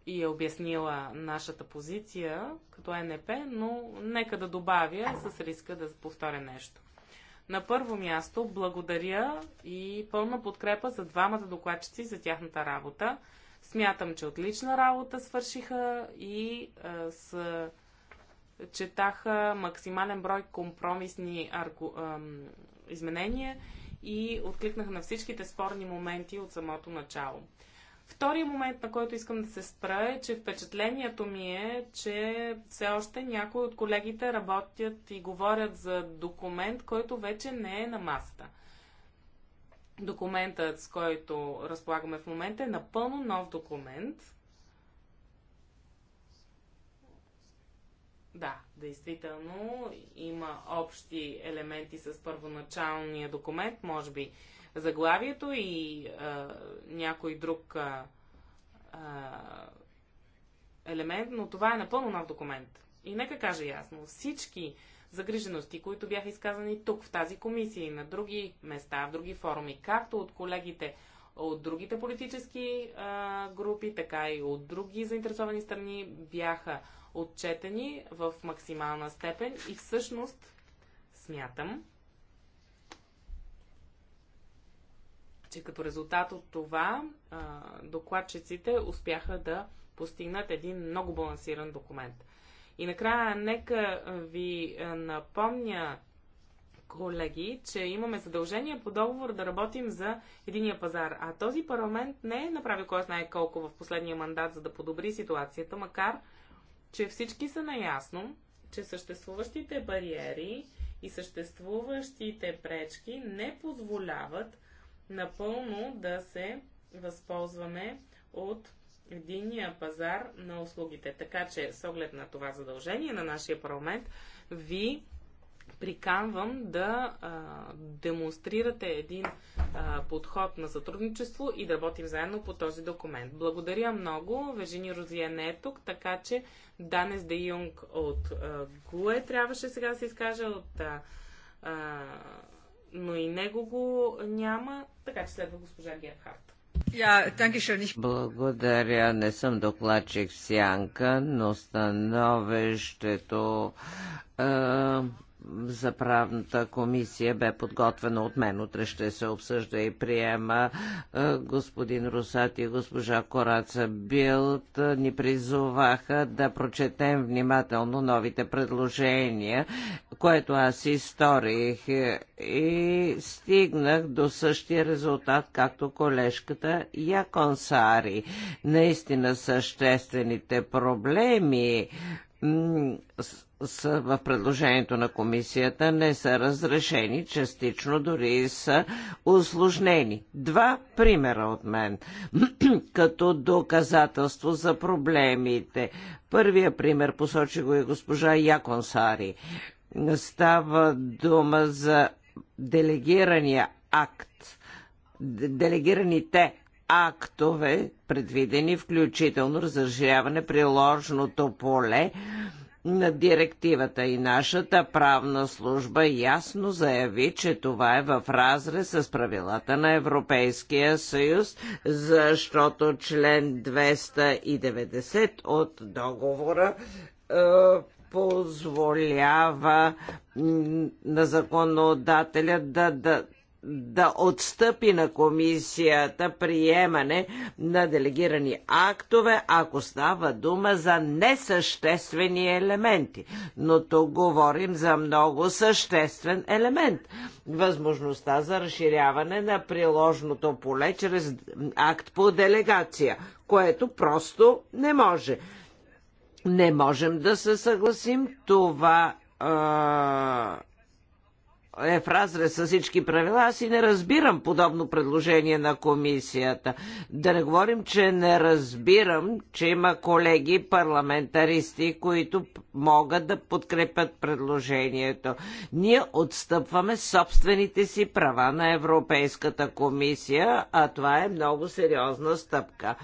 и е обяснила нашата позиция като НП, но нека да добавя с риска да повторя нещо. На първо място благодаря и пълна подкрепа за двамата докладчици за тяхната работа. Смятам, че отлична работа свършиха и е, с четаха максимален брой компромисни аргу, е, изменения и откликнаха на всичките спорни моменти от самото начало. Втория момент, на който искам да се спра е, че впечатлението ми е, че все още някои от колегите работят и говорят за документ, който вече не е на масата. Документът, с който разполагаме в момента, е напълно нов документ. Да, действително има общи елементи с първоначалния документ, може би заглавието и а, някой друг а, а, елемент, но това е напълно нов документ. И нека кажа ясно, всички загрижености, които бяха изказани тук, в тази комисия и на други места, в други форуми, както от колегите от другите политически а, групи, така и от други заинтересовани страни, бяха отчетени в максимална степен и всъщност смятам, че като резултат от това докладчиците успяха да постигнат един много балансиран документ. И накрая нека ви напомня, колеги, че имаме задължение по договор да работим за единия пазар. А този парламент не е направил кой знае колко в последния мандат, за да подобри ситуацията, макар че всички са наясно, че съществуващите бариери и съществуващите пречки не позволяват напълно да се възползваме от единния пазар на услугите. Така че, с оглед на това задължение на нашия парламент, ви приканвам да а, демонстрирате един а, подход на сътрудничество и да работим заедно по този документ. Благодаря много. Вежини Розия не е тук, така че Данес Де Юнг от а, ГУЕ трябваше сега да се изкаже от а, а, но и него го няма, така че следва госпожа Герхарт. Yeah, Благодаря. Не съм докладчик сянка, но становището е, за правната комисия бе подготвена от мен. Утре ще се обсъжда и приема. Е, господин Русат и госпожа Кораца Билт ни призоваха да прочетем внимателно новите предложения, което аз изторих е, и стигнах до същия резултат, както колежката Яконсари. Наистина съществените проблеми са в предложението на комисията не са разрешени, частично дори са усложнени. Два примера от мен като доказателство за проблемите. Първия пример посочи го и госпожа Яконсари. Става дума за делегирания акт делегираните актове, предвидени, включително разширяване приложното поле на директивата и нашата правна служба ясно заяви, че това е в разрез с правилата на Европейския съюз, защото член 290 от договора е, позволява на законодателя да, да да отстъпи на комисията приемане на делегирани актове, ако става дума за несъществени елементи. Но тук говорим за много съществен елемент. Възможността за разширяване на приложното поле чрез акт по делегация, което просто не може. Не можем да се съгласим. Това а е в разрез с всички правила. Аз и не разбирам подобно предложение на комисията. Да не говорим, че не разбирам, че има колеги парламентаристи, които могат да подкрепят предложението. Ние отстъпваме собствените си права на Европейската комисия, а това е много сериозна стъпка.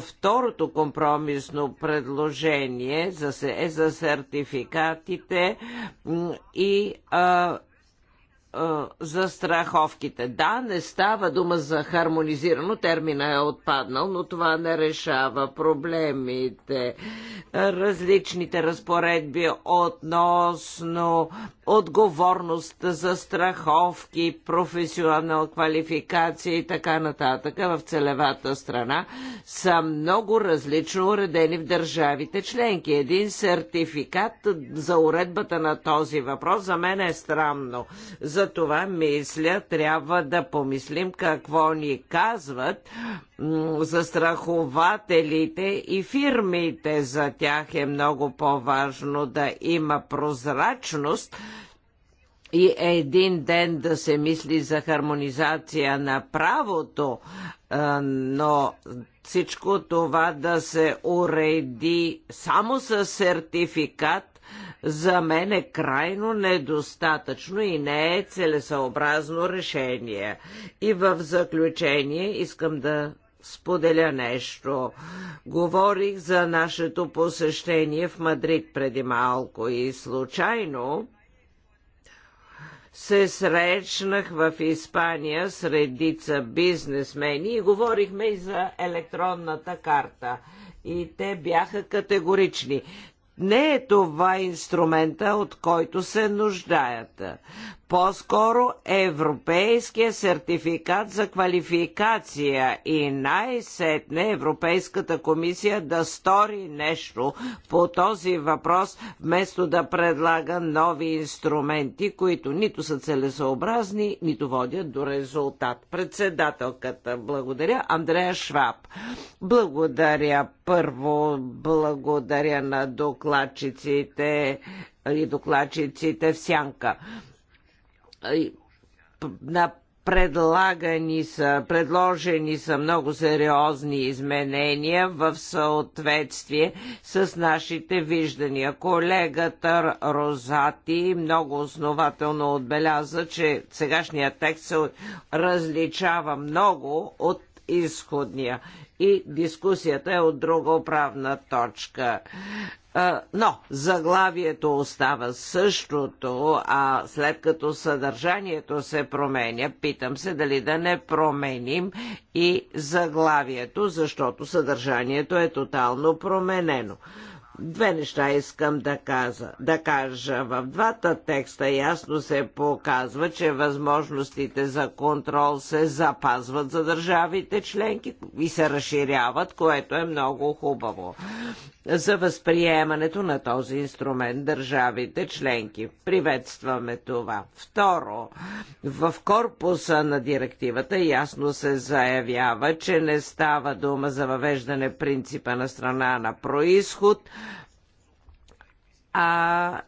Второто компромисно предложение е за сертификатите и за страховките. Да, не става дума за хармонизирано, термина е отпаднал, но това не решава проблемите. Различните разпоредби относно отговорност за страховки, професионал квалификация и така нататък в целевата страна са много различно уредени в държавите членки. Един сертификат за уредбата на този въпрос за мен е странно. За затова, мисля, трябва да помислим какво ни казват застрахователите и фирмите. За тях е много по-важно да има прозрачност, и един ден да се мисли за хармонизация на правото, но всичко това да се уреди само с сертификат за мен е крайно недостатъчно и не е целесообразно решение. И в заключение искам да споделя нещо. Говорих за нашето посещение в Мадрид преди малко и случайно се срещнах в Испания с редица бизнесмени и говорихме и за електронната карта. И те бяха категорични. Не е това инструмента, от който се нуждаят по-скоро европейския сертификат за квалификация и най-сетне Европейската комисия да стори нещо по този въпрос, вместо да предлага нови инструменти, които нито са целесообразни, нито водят до резултат. Председателката, благодаря. Андрея Шваб. Благодаря първо, благодаря на докладчиците и докладчиците в сянка на предлагани са, предложени са много сериозни изменения в съответствие с нашите виждания. Колегата Розати много основателно отбеляза, че сегашният текст се различава много от изходния и дискусията е от друга правна точка. Но заглавието остава същото, а след като съдържанието се променя, питам се дали да не променим и заглавието, защото съдържанието е тотално променено. Две неща искам да, каза, да кажа. В двата текста ясно се показва, че възможностите за контрол се запазват за държавите членки и се разширяват, което е много хубаво за възприемането на този инструмент държавите членки. Приветстваме това. Второ, в корпуса на директивата ясно се заявява, че не става дума за въвеждане принципа на страна на происход, а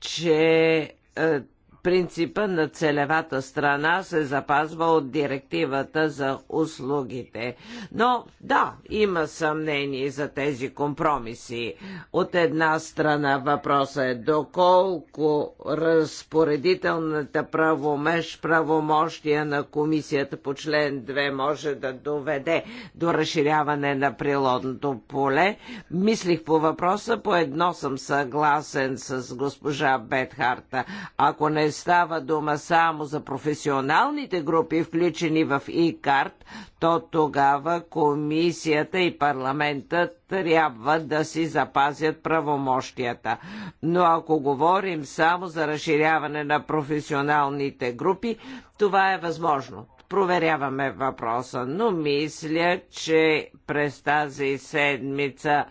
че е, принципа на целевата страна се запазва от директивата за услугите. Но да, има съмнение за тези компромиси. От една страна въпросът е доколко разпоредителната правомеж правомощия на комисията по член 2 може да доведе до разширяване на природното поле. Мислих по въпроса, по едно съм съгласен с госпожа Бетхарта. Ако не става дума само за професионалните групи, включени в ИКАРТ, то тогава комисията и парламентът трябва да си запазят правомощията. Но ако говорим само за разширяване на професионалните групи, това е възможно проверяваме въпроса, но мисля, че през тази седмица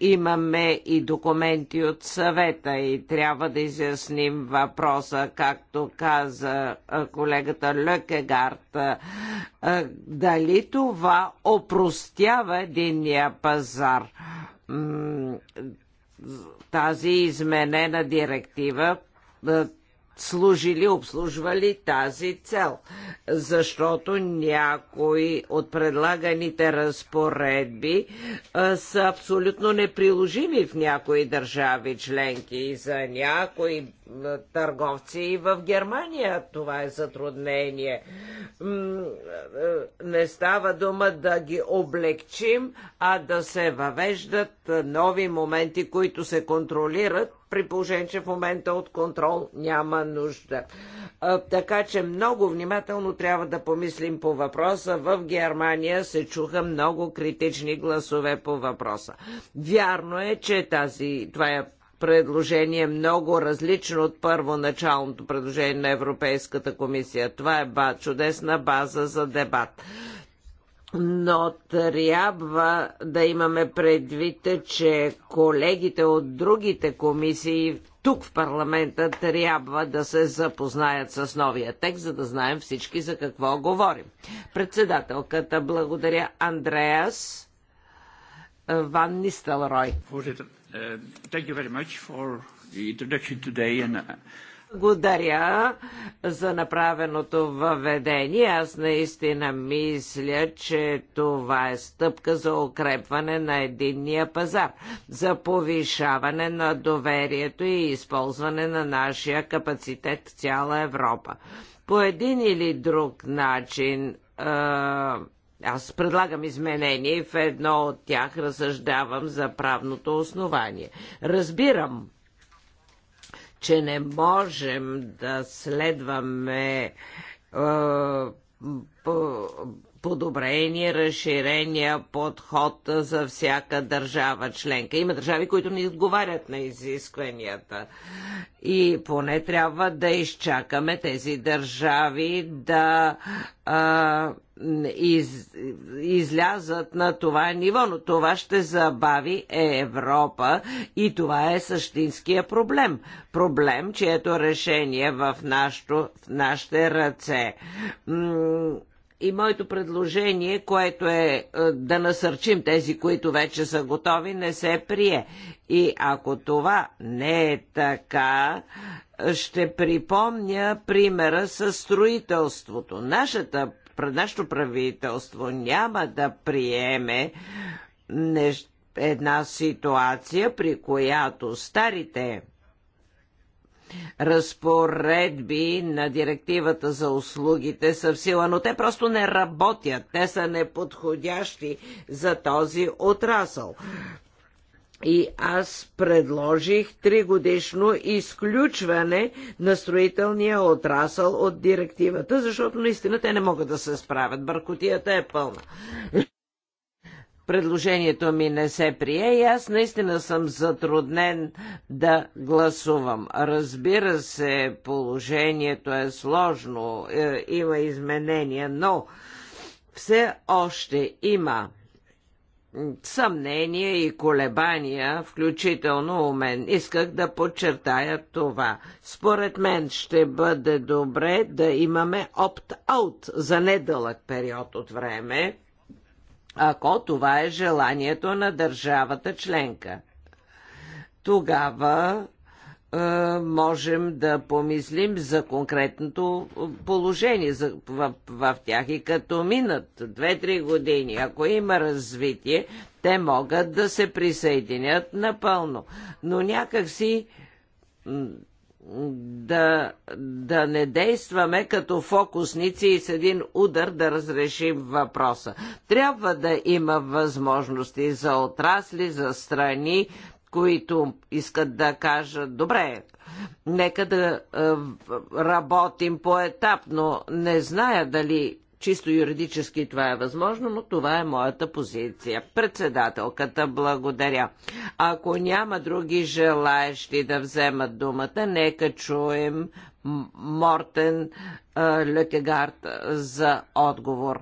Имаме и документи от съвета и трябва да изясним въпроса, както каза колегата Лекегард, дали това опростява единния пазар тази изменена директива служили, обслужвали тази цел, защото някои от предлаганите разпоредби а, са абсолютно неприложими в някои държави членки и за някои търговци и в Германия това е затруднение. Е, е, не става дума да ги облегчим, а да се въвеждат нови моменти, които се контролират при положение, че в момента от контрол няма нужда. Е, така че много внимателно трябва да помислим по въпроса. В Германия се чуха много критични гласове по въпроса. Вярно е, че тази, това е предложение много различно от първоначалното предложение на Европейската комисия. Това е ба, чудесна база за дебат. Но трябва да имаме предвид, че колегите от другите комисии тук в парламента трябва да се запознаят с новия текст, за да знаем всички за какво говорим. Председателката благодаря Андреас Ван Нистелрой. Uh, thank you very much for the introduction today and uh, Благодаря за направеното въведение. Аз наистина мисля, че това е стъпка за укрепване на единния пазар, за повишаване на доверието и използване на нашия капацитет в цяла Европа. По един или друг начин аз предлагам изменение и в едно от тях разсъждавам за правното основание. Разбирам, че не можем да следваме е, по, подобрение, разширения подход за всяка държава членка. Има държави, които не отговарят на изискванията. И поне трябва да изчакаме тези държави да Е, из, излязат на това ниво, но това ще забави Европа и това е същинския проблем. Проблем, чието решение е в, нашото, в нашите ръце. И моето предложение, което е, е да насърчим тези, които вече са готови, не се прие. И ако това не е така, ще припомня примера с строителството. Нашата нашето правителство няма да приеме нещ, една ситуация, при която старите разпоредби на директивата за услугите са в сила, но те просто не работят. Те са неподходящи за този отрасъл и аз предложих тригодишно изключване на строителния отрасъл от директивата, защото наистина те не могат да се справят. Бъркотията е пълна. Предложението ми не се прие и аз наистина съм затруднен да гласувам. Разбира се, положението е сложно, е, има изменения, но все още има съмнения и колебания, включително у мен. Исках да подчертая това. Според мен ще бъде добре да имаме опт-аут за недълъг период от време, ако това е желанието на държавата членка. Тогава е, можем да помислим за конкретното положение в, в, в тях. И като минат 2-3 години, ако има развитие, те могат да се присъединят напълно. Но някакси да, да не действаме като фокусници и с един удар да разрешим въпроса. Трябва да има възможности за отрасли, за страни, които искат да кажат, добре, нека да е, работим по-етапно. Не зная дали Чисто юридически това е възможно, но това е моята позиция. Председателката благодаря. Ако няма други желаещи да вземат думата, нека чуем Мортен е, Лекегард за отговор.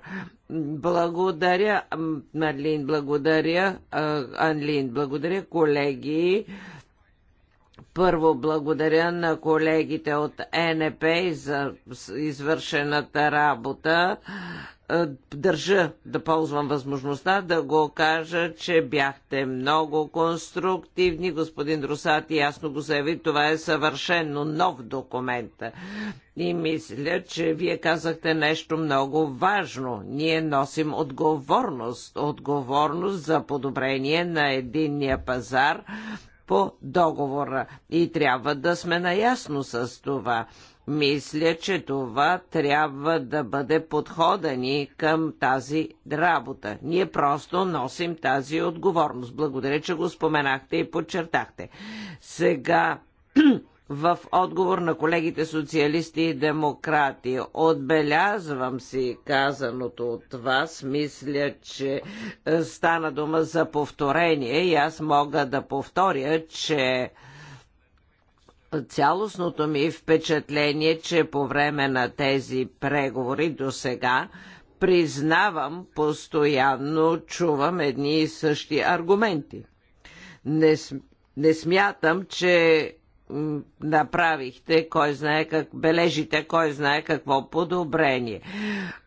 Благодаря, Марлин, благодаря, Анлин, благодаря, колеги. Първо благодаря на колегите от НП за извършената работа. Е, държа да ползвам възможността да го кажа, че бяхте много конструктивни. Господин Русати ясно го заяви, това е съвършенно нов документ. И мисля, че вие казахте нещо много важно. Ние носим отговорност. Отговорност за подобрение на единния пазар по договора. И трябва да сме наясно с това. Мисля, че това трябва да бъде подхода ни към тази работа. Ние просто носим тази отговорност. Благодаря, че го споменахте и подчертахте. Сега в отговор на колегите социалисти и демократи. Отбелязвам си казаното от вас. Мисля, че е, стана дума за повторение и аз мога да повторя, че цялостното ми впечатление, че по време на тези преговори до сега признавам, постоянно чувам едни и същи аргументи. Не, не смятам, че направихте, кой знае как, бележите, кой знае какво подобрение.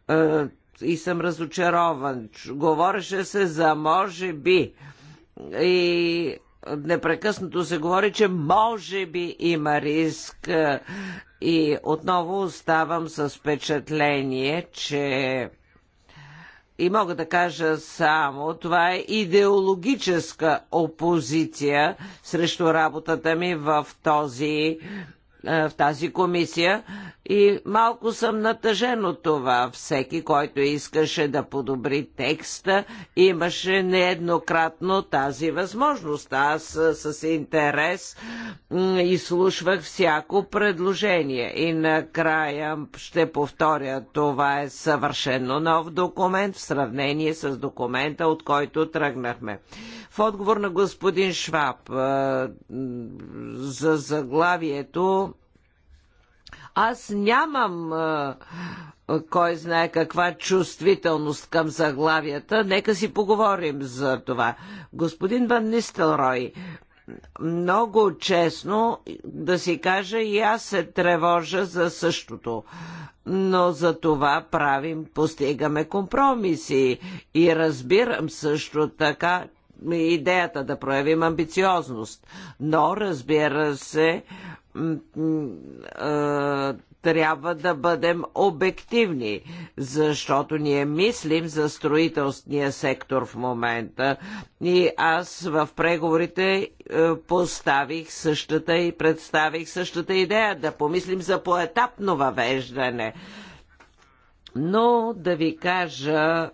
Е, и съм разочарован. Говореше се за може би. И непрекъснато се говори, че може би има риск. И отново оставам с впечатление, че и мога да кажа само, това е идеологическа опозиция срещу работата ми в този е, в тази комисия и малко съм натъжен от това. Всеки, който искаше да подобри текста, имаше нееднократно тази възможност. Аз е, с интерес изслушвах всяко предложение и накрая ще повторя, това е съвършено нов документ в сравнение с документа, от който тръгнахме. В отговор на господин Шваб за заглавието аз нямам кой знае каква чувствителност към заглавията. Нека си поговорим за това. Господин Ван Нистелрой, много честно да си кажа и аз се тревожа за същото. Но за това правим, постигаме компромиси. И разбирам също така, идеята да проявим амбициозност. Но, разбира се, трябва да бъдем обективни, защото ние мислим за строителствения сектор в момента. И аз в преговорите е, поставих същата и представих същата идея да помислим за поетапно въвеждане. Но да ви кажа, е,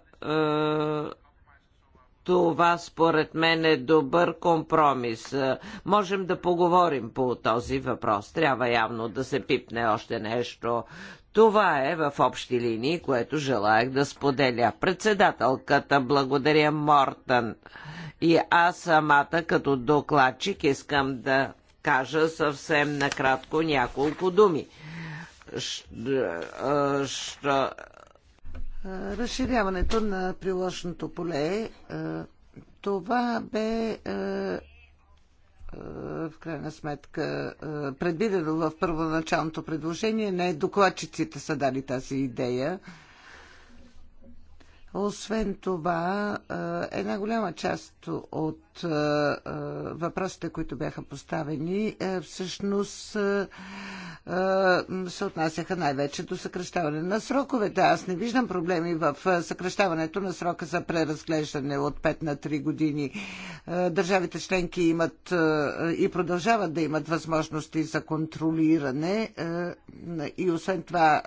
това според мен е добър компромис. Можем да поговорим по този въпрос. Трябва явно да се пипне още нещо. Това е в общи линии, което желаях да споделя. Председателката благодаря Мортън. И аз самата като докладчик искам да кажа съвсем накратко няколко думи. Е, е, що, Разширяването на приложното поле, това бе в крайна сметка предвидено в първоначалното предложение. Не докладчиците са дали тази идея. Освен това, една голяма част от въпросите, които бяха поставени, е, всъщност се отнасяха най-вече до съкръщаване на сроковете. Аз не виждам проблеми в съкръщаването на срока за преразглеждане от 5 на 3 години. Държавите членки имат и продължават да имат възможности за контролиране и освен това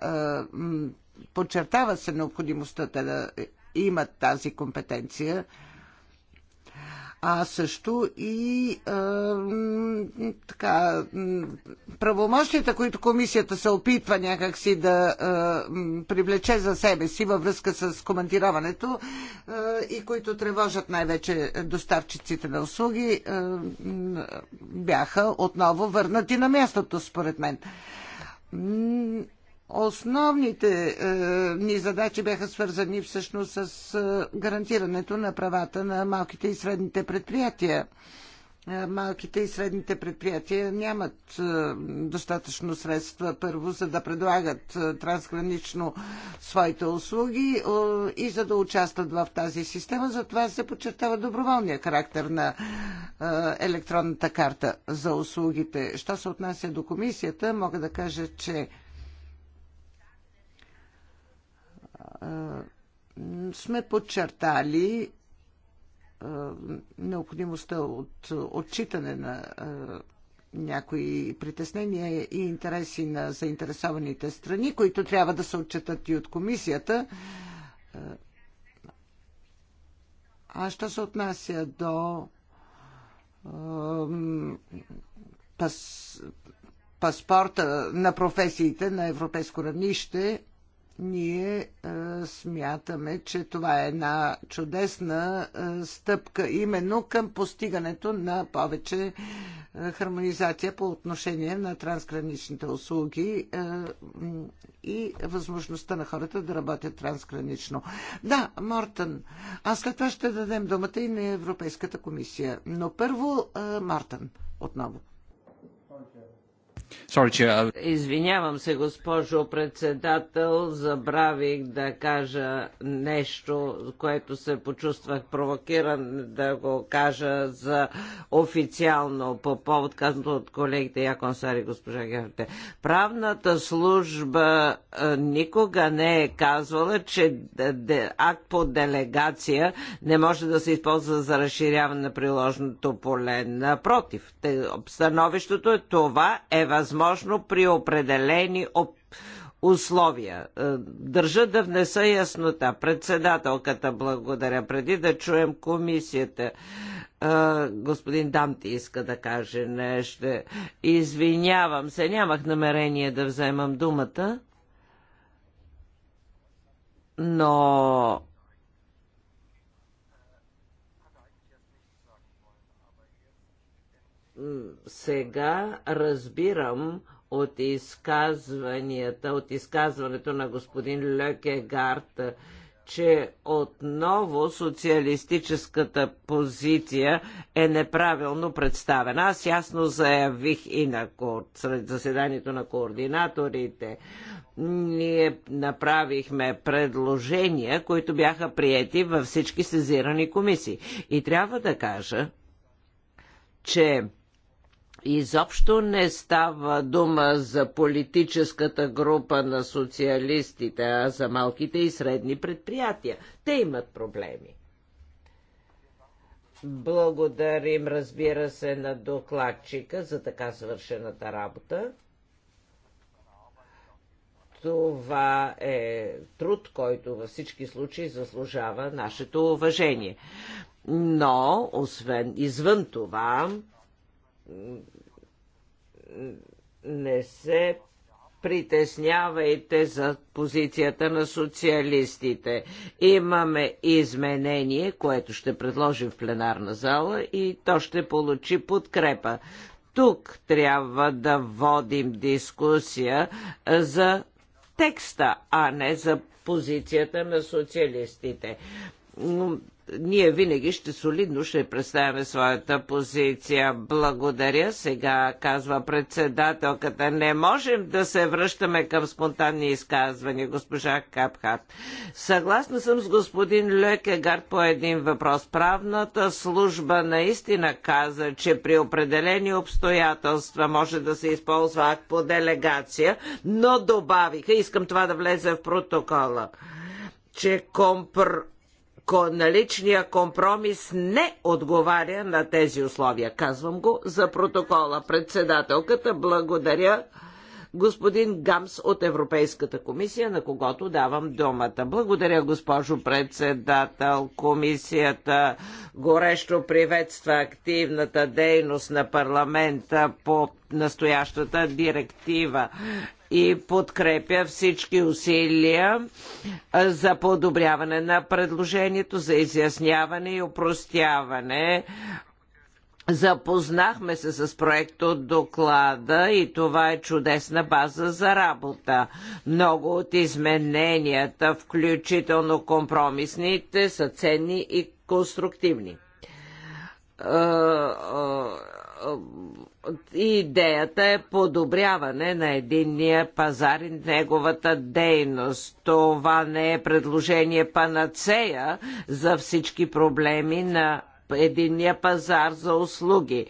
подчертава се необходимостта да имат тази компетенция а също и а, така, правомощията, които комисията се опитва някакси да а, привлече за себе си във връзка с командироването а, и които тревожат най-вече доставчиците на услуги, а, бяха отново върнати на мястото, според мен. Основните е, ни задачи бяха свързани всъщност с е, гарантирането на правата на малките и средните предприятия. Е, малките и средните предприятия нямат е, достатъчно средства първо, за да предлагат трансгранично своите услуги и за да участват в тази система. Затова се подчертава доброволния характер на електронната карта за услугите. Що се отнася до комисията, мога да кажа, че сме подчертали необходимостта от отчитане на някои притеснения и интереси на заинтересованите страни, които трябва да се отчитат и от комисията. А що се отнася до пас, паспорта на професиите на европейско равнище, ние а, е, смятаме, че това е една чудесна а, е, стъпка именно към постигането на повече а, е, хармонизация по отношение на трансграничните услуги а, и възможността на хората да работят трансгранично. Да, Мортън, а след това ще дадем думата и на Европейската комисия. Но първо а, Мартън отново. Извинявам се, госпожо председател, забравих да кажа нещо, което се почувствах провокиран да го кажа за официално по повод казаното от колегите Якон Сари, госпожа Герте. Правната служба е, никога не е казвала, че акт по делегация не може да се използва за разширяване на приложното поле. Напротив, становището е това е възможно при определени об условия. Е, държа да внеса яснота. Председателката благодаря. Преди да чуем комисията, е, господин Дамти иска да каже нещо. Извинявам се, нямах намерение да вземам думата, но сега разбирам от изказванията, от изказването на господин Лекегард, че отново социалистическата позиция е неправилно представена. Аз ясно заявих и на сред заседанието на координаторите. Ние направихме предложения, които бяха приети във всички сезирани комисии. И трябва да кажа, че Изобщо не става дума за политическата група на социалистите, а за малките и средни предприятия. Те имат проблеми. Благодарим, разбира се, на докладчика за така свършената работа. Това е труд, който във всички случаи заслужава нашето уважение. Но, освен извън това, не се притеснявайте за позицията на социалистите. Имаме изменение, което ще предложим в пленарна зала и то ще получи подкрепа. Тук трябва да водим дискусия за текста, а не за позицията на социалистите ние винаги ще солидно ще представяме своята позиция. Благодаря, сега казва председателката. Не можем да се връщаме към спонтанни изказвания, госпожа Капхат. Съгласна съм с господин Лекегард по един въпрос. Правната служба наистина каза, че при определени обстоятелства може да се използва акт по делегация, но добавиха, искам това да влезе в протокола, че компр наличния компромис не отговаря на тези условия. Казвам го за протокола. Председателката благодаря господин Гамс от Европейската комисия, на когото давам думата. Благодаря, госпожо председател. Комисията горещо приветства активната дейност на парламента по настоящата директива и подкрепя всички усилия за подобряване на предложението, за изясняване и упростяване. Запознахме се с проект от доклада и това е чудесна база за работа. Много от измененията, включително компромисните, са ценни и конструктивни Идеята е подобряване на единния пазар и неговата дейност. Това не е предложение панацея за всички проблеми на единния пазар за услуги.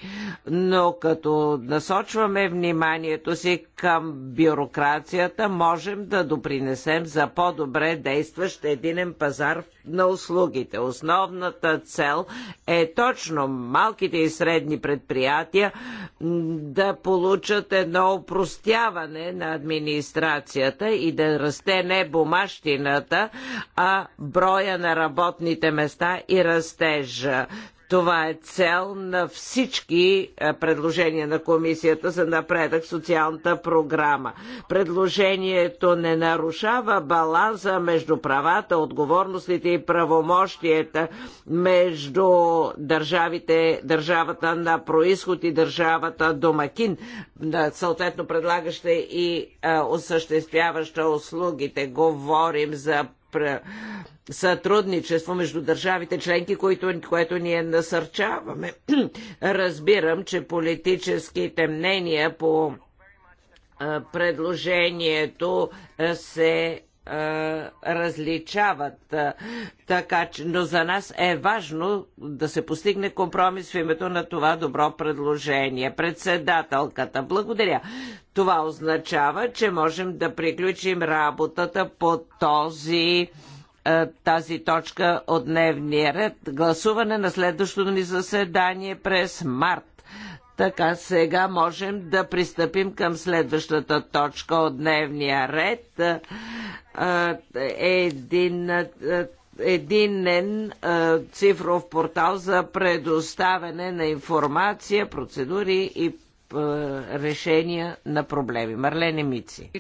Но като насочваме вниманието си към бюрокрацията, можем да допринесем за по-добре действащ единен пазар на услугите. Основната цел е точно малките и средни предприятия да получат едно упростяване на администрацията и да расте не бумащината, а броя на работните места и растежа. Това е цел на всички е, предложения на комисията за напредък социалната програма. Предложението не нарушава баланса между правата, отговорностите и правомощията между държавите, държавата на происход и държавата домакин, съответно предлагаща и е, осъществяваща услугите. Говорим за сътрудничество между държавите членки, което, което ние насърчаваме. Разбирам, че политическите мнения по предложението се различават. Така че, но за нас е важно да се постигне компромис в името на това добро предложение. Председателката, благодаря. Това означава, че можем да приключим работата по този тази точка от дневния ред. Гласуване на следващото ни заседание през март. Така сега можем да пристъпим към следващата точка от дневния ред. Един единен цифров портал за предоставяне на информация, процедури и решения на проблеми. Марлене Мици.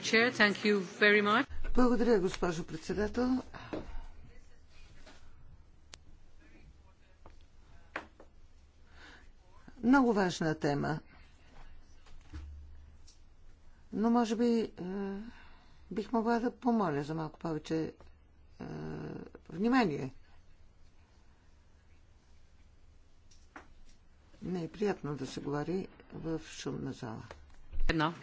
Благодаря, госпожо председател. Много важна тема. Но може би е, бих могла да помоля за малко повече е, внимание. Не е приятно да се говори в шумна зала. Една.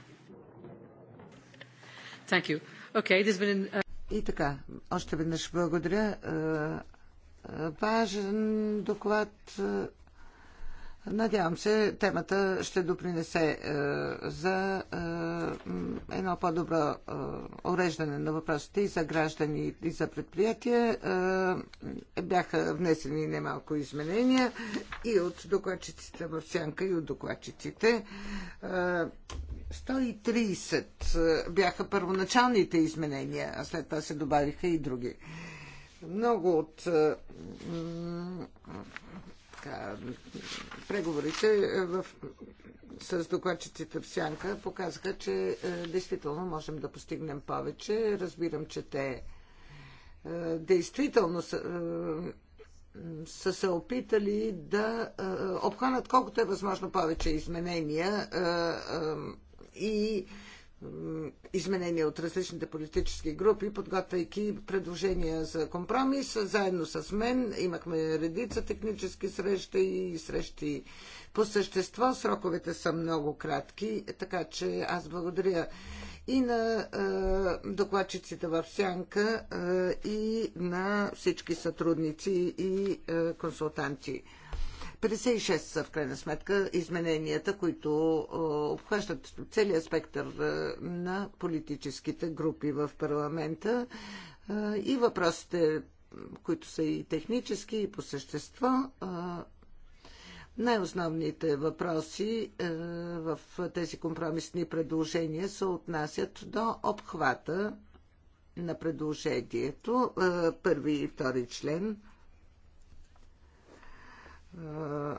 Thank okay, been... Uh, И така, още веднъж благодаря. Е, важен доклад Надявам се, темата ще допринесе е, за е, едно по-добро е, уреждане на въпросите и за граждани, и за предприятия. бяха внесени немалко изменения и от докладчиците в Сянка, и от докладчиците. 130 бяха първоначалните изменения, а след това се добавиха и други много от така, преговорите е, в, с докладчиците в Сянка показаха, че е, действително можем да постигнем повече. Разбирам, че те е, действително са, е, са се опитали да е, обхванат колкото е възможно повече изменения е, е, и изменения от различните политически групи, подготвяйки предложения за компромис. Заедно с мен имахме редица технически срещи и срещи по същество. Сроковете са много кратки, така че аз благодаря и на е, докладчиците в Сянка е, и на всички сътрудници и е, консултанти. 56 са в крайна сметка измененията, които обхващат целият спектър на политическите групи в парламента и въпросите, които са и технически, и по същество. Най-основните въпроси в тези компромисни предложения се отнасят до обхвата на предложението, първи и втори член – е,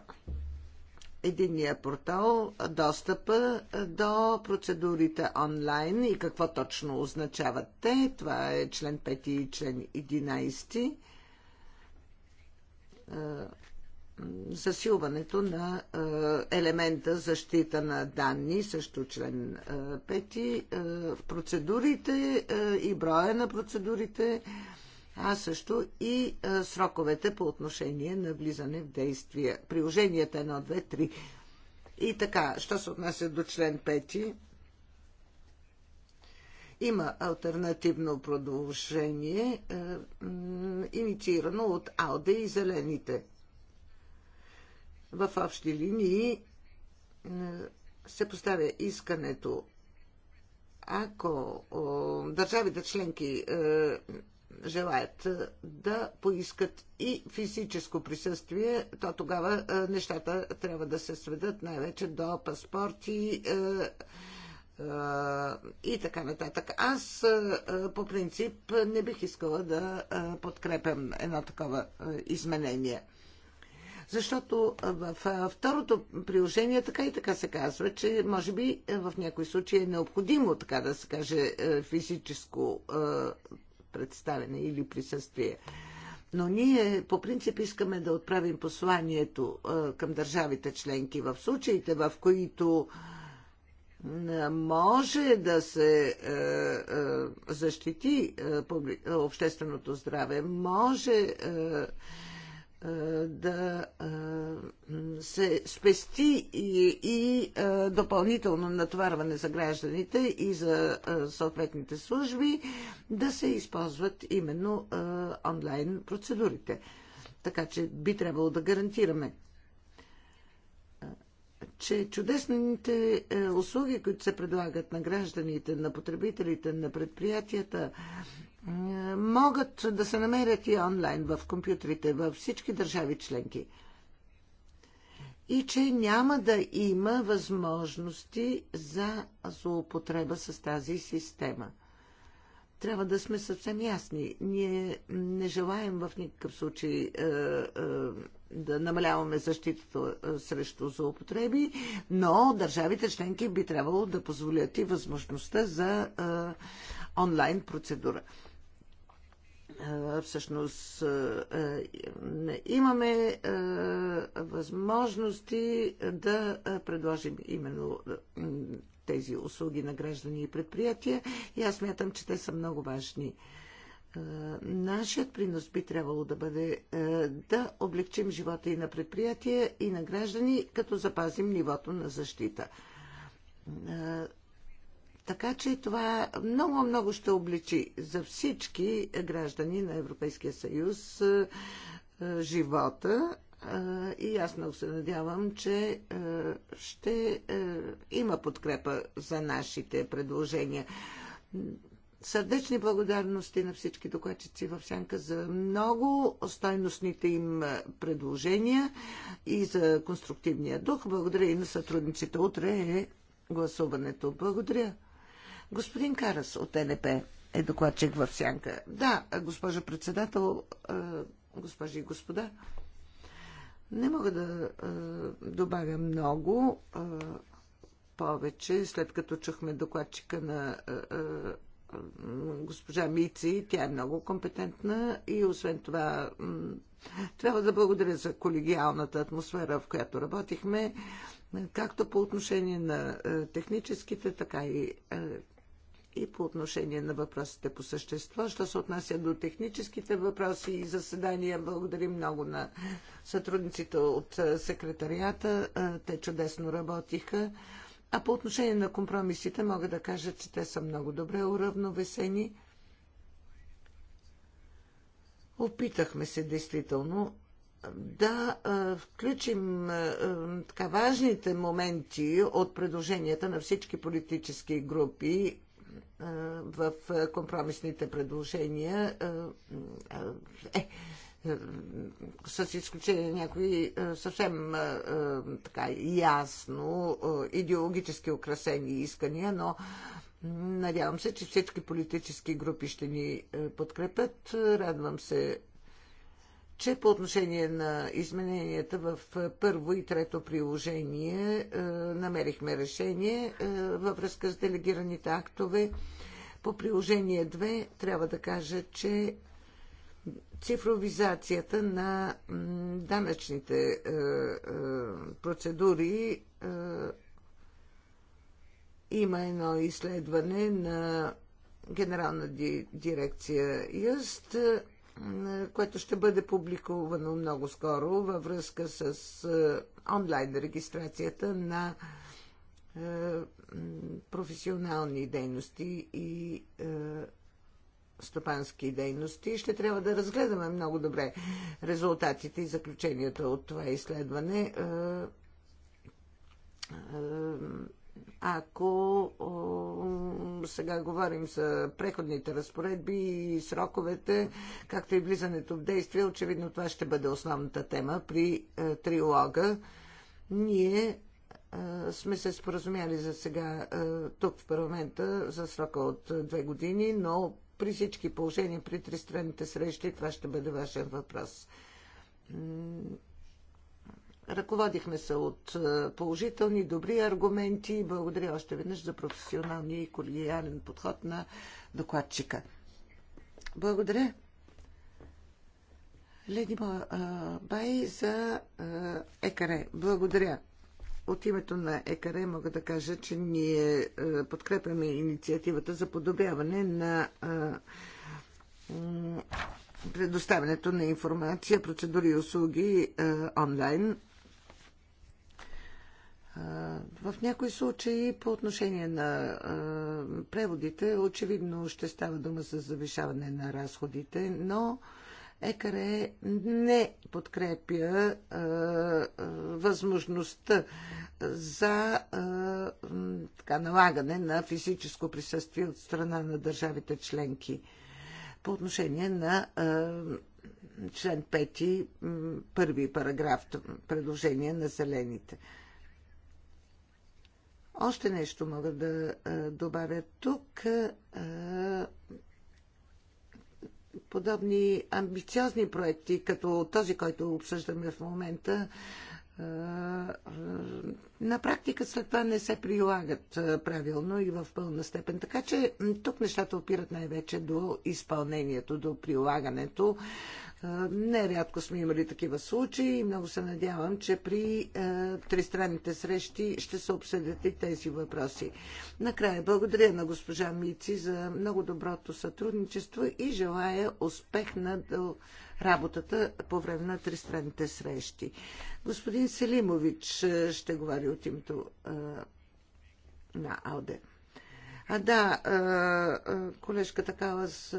единия портал достъпа до процедурите онлайн и какво точно означават те. Това е член 5 и член 11. Е, засилването на е, елемента защита на данни, също член 5. Процедурите и броя на процедурите а също и сроковете по отношение на влизане в действие. Приложенията 1, 2, 3. И така, що се отнася до член 5, има альтернативно продължение, е, инициирано от Алде и Зелените. В общи линии е, се поставя искането, ако държавите членки е, желаят да поискат и физическо присъствие, то тогава нещата трябва да се сведат най-вече до паспорти и така нататък. Аз по принцип не бих искала да подкрепям едно такова изменение. Защото в второто приложение така и така се казва, че може би в някои случаи е необходимо, така да се каже, физическо представене или присъствие. Но ние по принцип искаме да отправим посланието към държавите членки в случаите, в които може да се защити общественото здраве, може да се спести и, и допълнително натоварване за гражданите и за съответните служби, да се използват именно онлайн процедурите. Така че би трябвало да гарантираме че чудесните е, услуги, които се предлагат на гражданите, на потребителите, на предприятията, могат да се намерят и онлайн в компютрите във всички държави членки. И че няма да има възможности за злоупотреба с тази система. Трябва да сме съвсем ясни. Ние не желаем в никакъв случай е, е, да намаляваме защитата е, срещу злоупотреби, но държавите членки би трябвало да позволят и възможността за е, онлайн процедура всъщност имаме възможности да предложим именно тези услуги на граждани и предприятия и аз мятам, че те са много важни. Нашият принос би трябвало да бъде да облегчим живота и на предприятия, и на граждани, като запазим нивото на защита така че това много-много ще обличи за всички граждани на Европейския съюз е, е, живота е, и аз много се надявам, че ще има подкрепа за нашите предложения. Сърдечни благодарности на всички докладчици в Сянка за много стойностните им предложения и за конструктивния дух. Благодаря и на сътрудниците. Утре е гласуването. Благодаря. Господин Карас от НП е докладчик в сянка. Да, госпожо председател, е, госпожи и господа, не мога да е, добавя много е, повече, след като чухме докладчика на госпожа Мици, тя е много компетентна и освен това трябва да благодаря за колегиалната атмосфера, в която работихме, както по отношение на техническите, така и и по отношение на въпросите по същество. Що се отнася до техническите въпроси и заседания, благодарим много на сътрудниците от секретарията. Те чудесно работиха. А по отношение на компромисите мога да кажа, че те са много добре уравновесени. Опитахме се действително да включим така важните моменти от предложенията на всички политически групи в компромисните предложения. Е, с изключение на някои съвсем така ясно идеологически украсени искания, но надявам се, че всички политически групи ще ни подкрепят. Радвам се че по отношение на измененията в първо и трето приложение намерихме решение във връзка с делегираните актове. По приложение 2 трябва да кажа, че цифровизацията на данъчните процедури има едно изследване на Генерална дирекция ЮСТ което ще бъде публикувано много скоро във връзка с е, онлайн регистрацията на е, професионални дейности и е, стопански дейности. Ще трябва да разгледаме много добре резултатите и заключенията от това изследване ако о, сега говорим за преходните разпоредби и сроковете, както и влизането в действие, очевидно това ще бъде основната тема при е, трилога. Ние е, сме се споразумяли за сега е, тук в парламента за срока от е, две години, но при всички положения, при тристранните срещи, това ще бъде вашен въпрос Ръководихме се от е, положителни, добри аргументи. Благодаря още веднъж за професионалния и колегиален подход на докладчика. Благодаря. Леди е, Бай за е, ЕКАРЕ. Благодаря. От името на ЕКАРЕ мога да кажа, че ние подкрепяме инициативата за подобряване на предоставянето на информация, процедури и услуги онлайн в някои случаи по отношение на преводите очевидно ще става дума за завишаване на разходите, но ЕКРЕ не подкрепя а, а, възможността за а, така, налагане на физическо присъствие от страна на държавите членки. По отношение на а, член 5, първи параграф, предложение на зелените. Още нещо мога да добавя тук. Подобни амбициозни проекти, като този, който обсъждаме в момента, на практика след това не се прилагат правилно и в пълна степен. Така че тук нещата опират най-вече до изпълнението, до прилагането. Нерядко сме имали такива случаи и много се надявам, че при тристранните срещи ще се обсъдят и тези въпроси. Накрая благодаря на госпожа Мици за много доброто сътрудничество и желая успех на работата по време на тристранните срещи. Господин Селимович е, ще говори от името е, на АЛДЕ. А да, е, колежката Калас,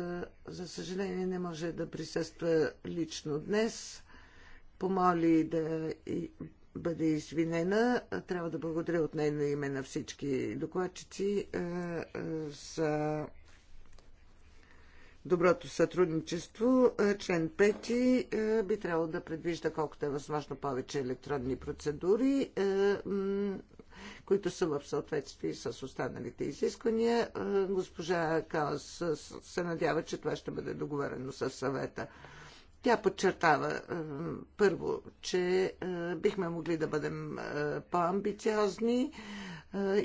за съжаление, не може да присъства лично днес. Помоли да бъде извинена. Трябва да благодаря от нейно име на всички докладчици за доброто сътрудничество, е, член 5 е, би трябвало да предвижда колкото е възможно повече електронни процедури, е, които са в съответствие с останалите изисквания. Госпожа Каос се надява, че това ще бъде договорено с съвета. Тя подчертава първо, че бихме могли да бъдем по-амбициозни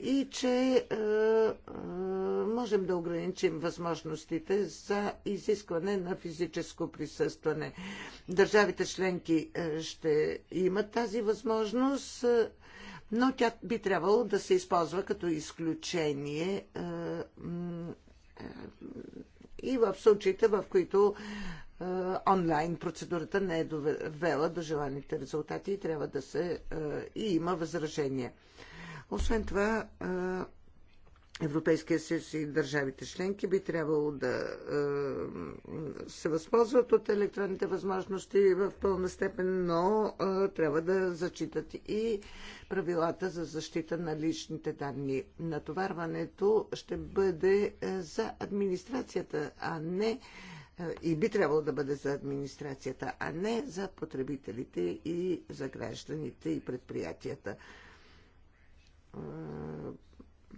и че можем да ограничим възможностите за изискване на физическо присъстване. Държавите членки ще имат тази възможност, но тя би трябвало да се използва като изключение и в случаите, в които онлайн процедурата не е довела до желаните резултати и трябва да се и има възражение. Освен това, Европейския съюз и държавите членки би трябвало да се възползват от електронните възможности в пълна степен, но трябва да зачитат и правилата за защита на личните данни. Натоварването ще бъде за администрацията, а не и би трябвало да бъде за администрацията, а не за потребителите и за гражданите и предприятията.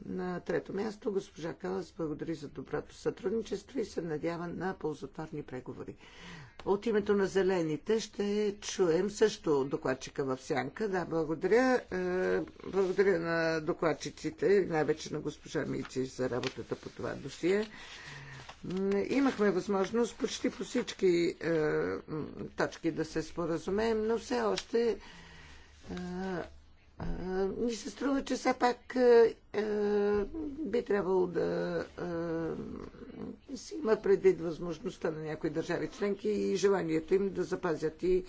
На трето място госпожа Калас благодари за доброто сътрудничество и се надява на ползотворни преговори. От името на зелените ще чуем също докладчика в сянка. Да, благодаря. Благодаря на докладчиците, най-вече на госпожа Мици за работата по това досие. Имахме възможност почти по всички точки да се споразумеем, но все още ми се струва, че все пак а, е, е, би трябвало да а, е, си има предвид възможността на някои държави членки и желанието им да запазят и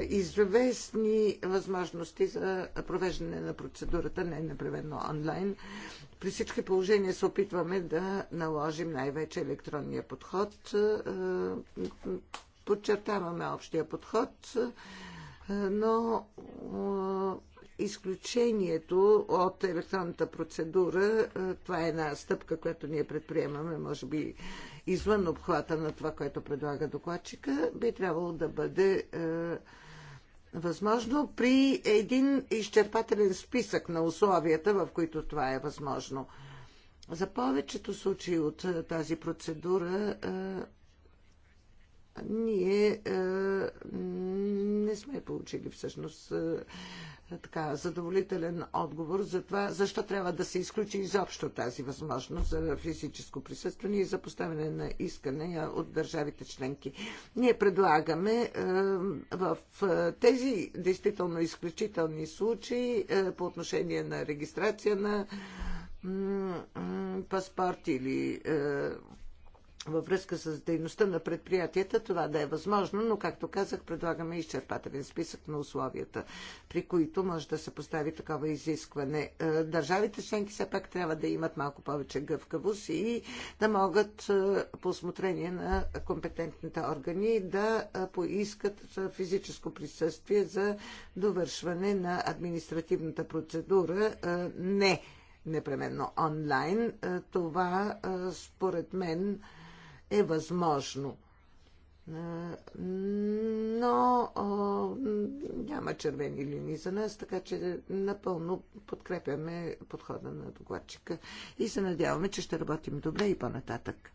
известни възможности за провеждане на процедурата, не непременно онлайн. При всички положения се опитваме да наложим най-вече електронния подход. подчертаваме общия подход, но изключението от електронната процедура, е, това е една стъпка, която ние предприемаме, може би извън обхвата на това, което предлага докладчика, би трябвало да бъде е, възможно при един изчерпателен списък на условията, в които това е възможно. За повечето случаи от е, тази процедура е, ние е, не сме получили всъщност е, така задоволителен отговор за това, защо трябва да се изключи изобщо тази възможност за физическо присъстване и за поставяне на искане от държавите членки. Ние предлагаме е, в е, тези действително изключителни случаи е, по отношение на регистрация на паспорт или е, във връзка с дейността на предприятията това да е възможно, но както казах, предлагаме изчерпателен списък на условията, при които може да се постави такова изискване. Е, държавите членки все пак трябва да имат малко повече гъвкавост и да могат е, по осмотрение на компетентните органи да е, поискат физическо присъствие за довършване на административната процедура. Не непременно онлайн. Това според мен е възможно. Но няма червени линии за нас, така че напълно подкрепяме подхода на докладчика и се надяваме, че ще работим добре и по-нататък.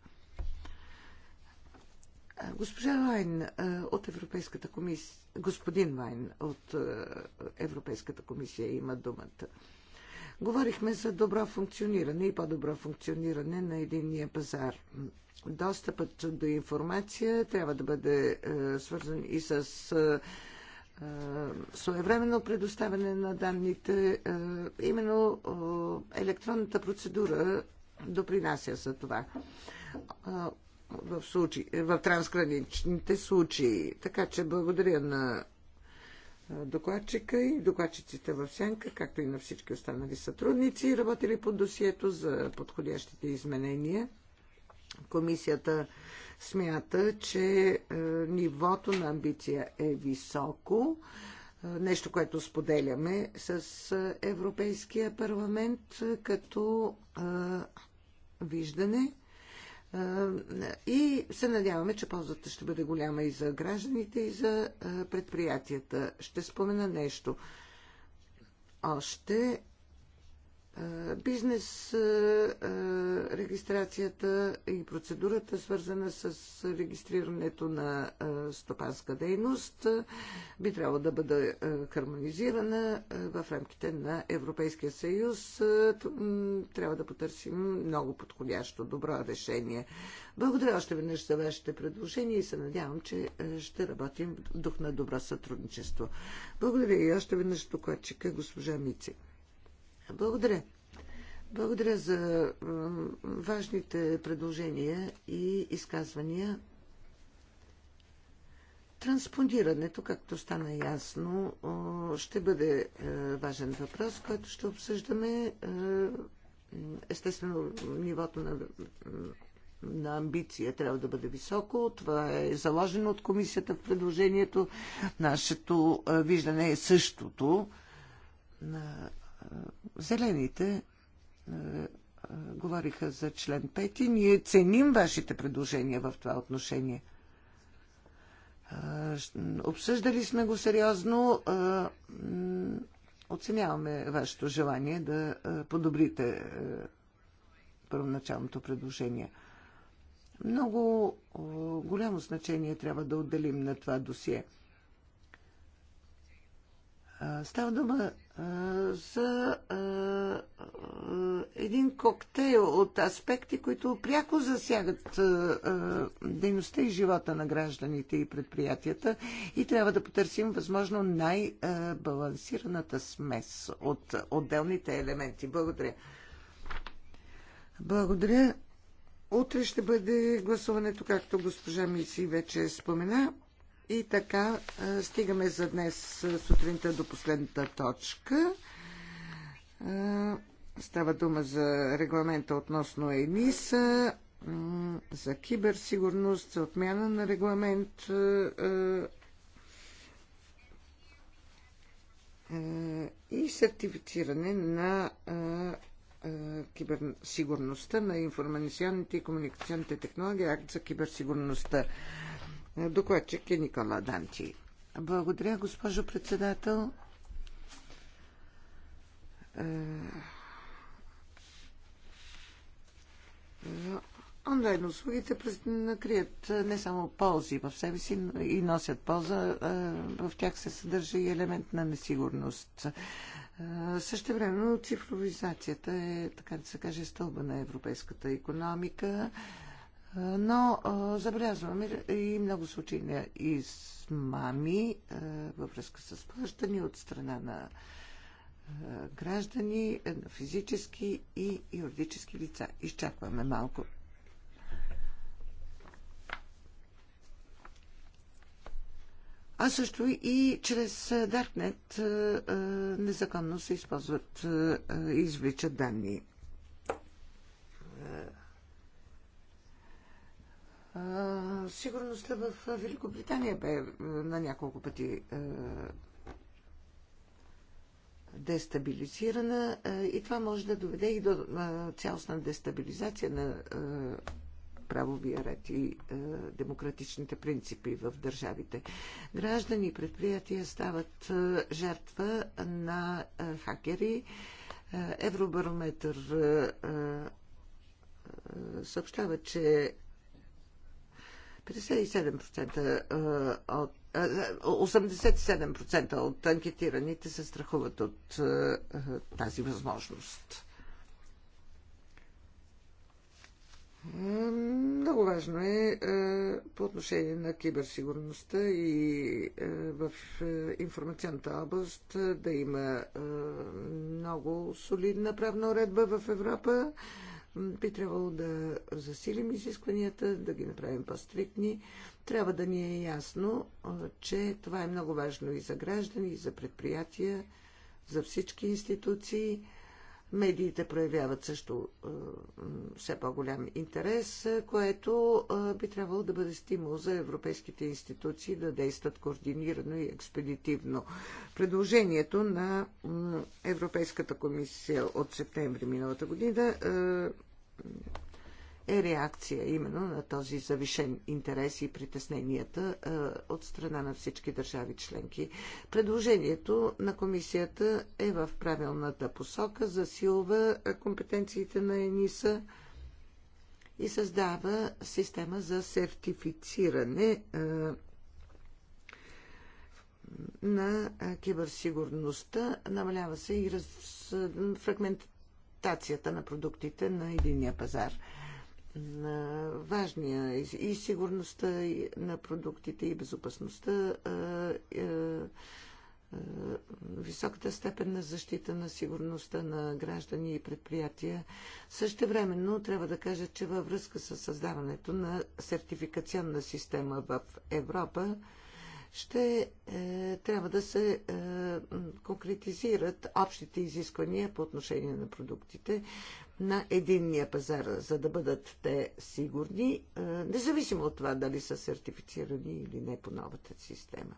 Госпожа Вайн от Европейската комисия, господин Вайн от Европейската комисия има думата. Говорихме за добро функциониране и по-добро функциониране на единния пазар достъпът до информация трябва да бъде е, свързан и с е, е, своевременно предоставяне на данните. Е, именно е, електронната процедура допринася за това е, в, случай, в трансграничните случаи. Така че благодаря на е, докладчика и докладчиците в Сянка, както и на всички останали сътрудници, работили по досието за подходящите изменения. Комисията смята, че е, нивото на амбиция е високо, е, нещо, което споделяме с е, Европейския парламент като виждане. И се надяваме, че ползата ще бъде голяма и за гражданите, и за предприятията. Ще спомена нещо още бизнес регистрацията и процедурата, свързана с регистрирането на стопанска дейност, би трябвало да бъде хармонизирана в рамките на Европейския съюз. Трябва да потърсим много подходящо, добро решение. Благодаря още веднъж за вашите предложения и се надявам, че ще работим в дух на добро сътрудничество. Благодаря и още веднъж докладчика госпожа Мици. Благодаря. Благодаря за важните предложения и изказвания. Транспондирането, както стана ясно, ще бъде е, важен въпрос, който ще обсъждаме. Е, естествено, нивото на, на амбиция трябва да бъде високо. Това е заложено от комисията в предложението. Нашето е, виждане е същото Зелените говориха за член 5. Ние ценим вашите предложения в това отношение. Обсъждали сме го сериозно. Оценяваме вашето желание да подобрите първоначалното предложение. Много голямо значение трябва да отделим на това досие – Става дума за един коктейл от аспекти, които пряко засягат дейността и живота на гражданите и предприятията и трябва да потърсим възможно най-балансираната смес от отделните елементи. Благодаря. Благодаря. Утре ще бъде гласуването, както госпожа Миси вече спомена. И така стигаме за днес сутринта до последната точка. Става дума за регламента относно ЕНИСА, за киберсигурност, за отмяна на регламент и сертифициране на киберсигурността на информационните и комуникационните технологии, акт за киберсигурността. Е, докладчик е Никола Данти. Благодаря, госпожо председател. Е, е, онлайн услугите накрият не само ползи в себе си но и носят полза, в тях се съдържа и елемент на несигурност. Също време цифровизацията е, така да се каже, стълба на европейската економика. Но забелязваме и много случаи на измами във връзка с плащани от страна на граждани, е, на физически и юридически лица. Изчакваме малко. А също и чрез Даркнет незаконно се използват и извличат данни. сигурността в Великобритания бе е, на няколко пъти е, дестабилизирана е, и това може да доведе и до цялостна дестабилизация на правовия ред и демократичните принципи в държавите. Граждани и предприятия стават жертва на хакери. Евробарометър съобщава, че 57% от 87% от анкетираните се страхуват от тази възможност. Много важно е по отношение на киберсигурността и в информационната област да има много солидна правна уредба в Европа би трябвало да засилим изискванията, да ги направим по-стрикни. Трябва да ни е ясно, че това е много важно и за граждани, и за предприятия, за всички институции. Медиите проявяват също е, все по-голям интерес, е, което е, би трябвало да бъде стимул за европейските институции да действат координирано и експедитивно. Предложението на Европейската комисия от септември миналата година е реакция именно на този завишен интерес и притесненията е, от страна на всички държави членки. Предложението на комисията е в правилната посока, засилва компетенциите на ЕНИСА и създава система за сертифициране е, на киберсигурността. Намалява се и раз... фрагментацията на продуктите на единия пазар на важния и сигурността на продуктите и безопасността, високата степен на защита на сигурността на граждани и предприятия. Също времено трябва да кажа, че във връзка с създаването на сертификационна система в Европа, ще е, трябва да се е, конкретизират общите изисквания по отношение на продуктите, на единния пазар, за да бъдат те сигурни, е, независимо от това дали са сертифицирани или не по новата система.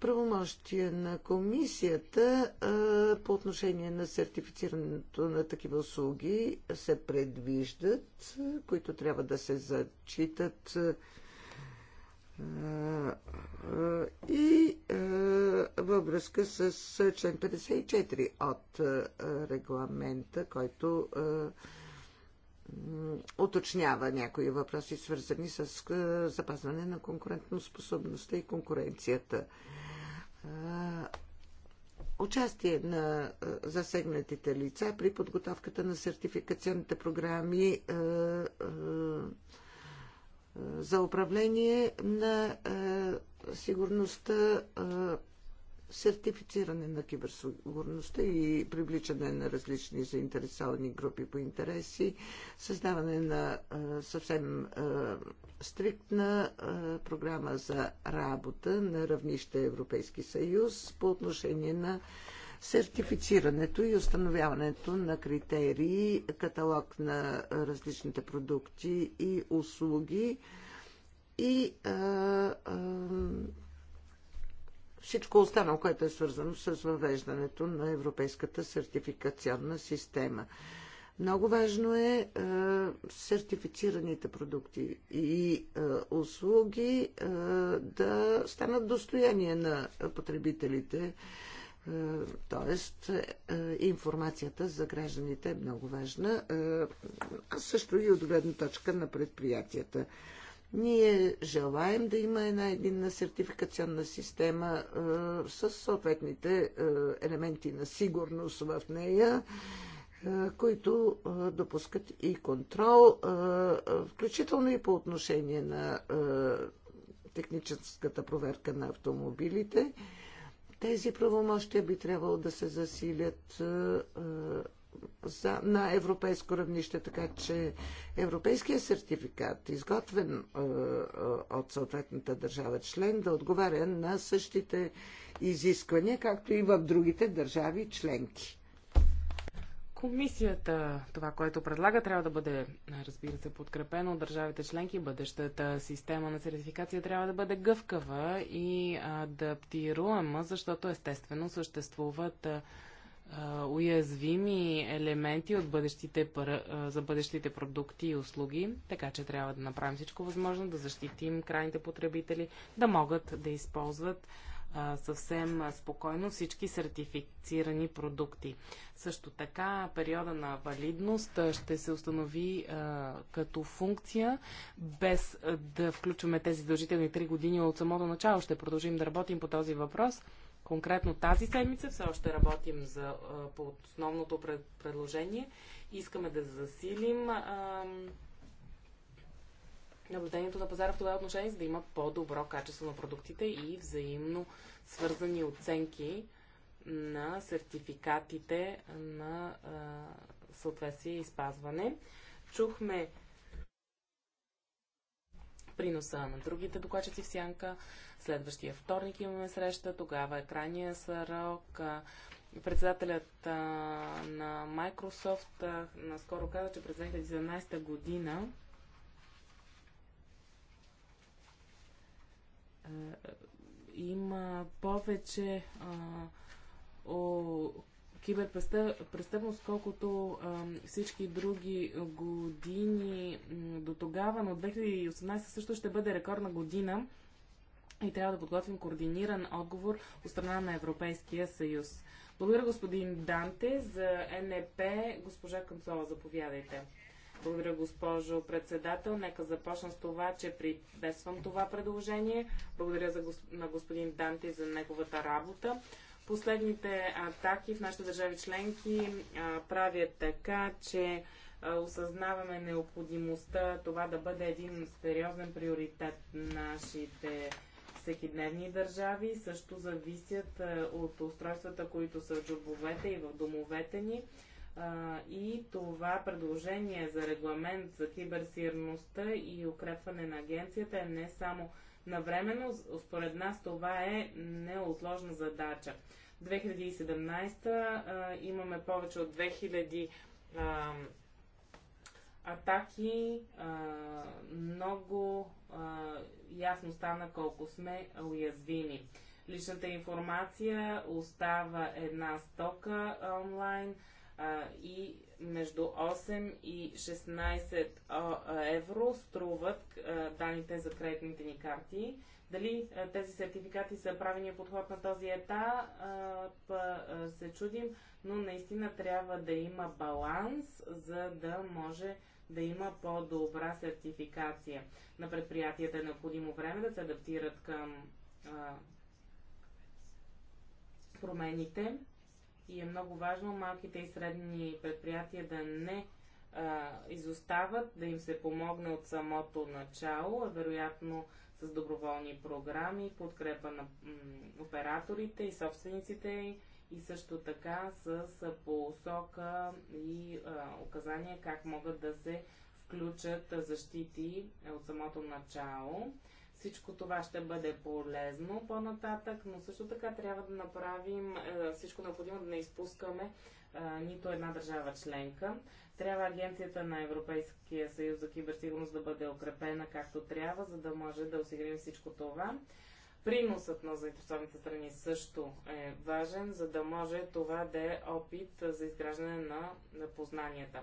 правомощия на комисията е, по отношение на сертифицирането на такива услуги се предвиждат, които трябва да се зачитат и във връзка с член 54 от регламента, който уточнява някои въпроси, свързани с запазване на конкурентоспособността и конкуренцията. Участие на засегнатите лица при подготовката на сертификационните програми за управление на е, сигурността, е, сертифициране на киберсигурността и привличане на различни заинтересовани групи по интереси, създаване на е, съвсем стриктна програма за работа на равнище Европейски съюз по отношение на сертифицирането и установяването на критерии, каталог на различните продукти и услуги и а, а, всичко останало, което е свързано с въвеждането на европейската сертификационна система. Много важно е, а, сертифицираните продукти и а, услуги а, да станат достояние на потребителите. А, е, тоест, е, информацията за гражданите е много важна, е, а също и от гледна точка на предприятията. Ние желаем да има една единна сертификационна система с съответните елементи на сигурност в нея, които допускат и контрол, включително и по отношение на техническата проверка на автомобилите. Тези правомощия би трябвало да се засилят е, е, на европейско равнище, така че европейския сертификат, изготвен е, от съответната държава член, да отговаря на същите изисквания, както и в другите държави членки. Комисията, това, което предлага, трябва да бъде, разбира се, подкрепено от държавите членки. Бъдещата система на сертификация трябва да бъде гъвкава и адаптируема, защото естествено съществуват уязвими елементи от бъдещите, за бъдещите продукти и услуги, така че трябва да направим всичко възможно да защитим крайните потребители, да могат да използват съвсем спокойно всички сертифицирани продукти. Също така, периода на валидност ще се установи като функция, без да включваме тези задължителни 3 години от самото начало. Ще продължим да работим по този въпрос. Конкретно тази седмица все още работим за, по основното предложение. Искаме да засилим. А, наблюдението на пазара в това отношение, за да има по-добро качество на продуктите и взаимно свързани оценки на сертификатите на а, съответствие и спазване. Чухме приноса на другите докладчици в Сянка. Следващия вторник имаме среща, тогава е крайния срок. Председателят а, на Microsoft а, наскоро каза, че през 2017 година Е, е, има повече а, о киберпрестъпност, колкото а, всички други години до тогава, но 2018 също ще бъде рекордна година и трябва да подготвим координиран отговор от страна на Европейския съюз. Благодаря господин Данте за НЕП. Госпожа Канцова, заповядайте. Благодаря, госпожо председател. Нека започна с това, че приветствам това предложение. Благодаря за, на господин Данти за неговата работа. Последните атаки в нашите държави членки а, правят така, че а, осъзнаваме необходимостта това да бъде един сериозен приоритет на нашите всекидневни държави. Също зависят а, от устройствата, които са в джобовете и в домовете ни и това предложение за регламент за киберсигурността и укрепване на агенцията е не само навременно, според нас това е неотложна задача. 2017 имаме повече от 2000 атаки. много ясно стана колко сме уязвими. Личната информация остава една стока онлайн – и между 8 и 16 евро струват данните за кредитните ни карти. Дали тези сертификати са правения подход на този етап, се чудим, но наистина трябва да има баланс, за да може да има по-добра сертификация. На предприятията е необходимо време да се адаптират към промените и е много важно малките и средни предприятия да не а, изостават, да им се помогне от самото начало, а вероятно с доброволни програми, подкрепа на операторите и собствениците и също така с посока и а, указания как могат да се включат защити от самото начало. Всичко това ще бъде полезно по-нататък, но също така трябва да направим е, всичко необходимо да не изпускаме е, нито една държава членка. Трябва Агенцията на Европейския съюз за киберсигурност да бъде укрепена както трябва, за да може да осигурим всичко това. Приносът на заинтересованите страни също е важен, за да може това да е опит за изграждане на познанията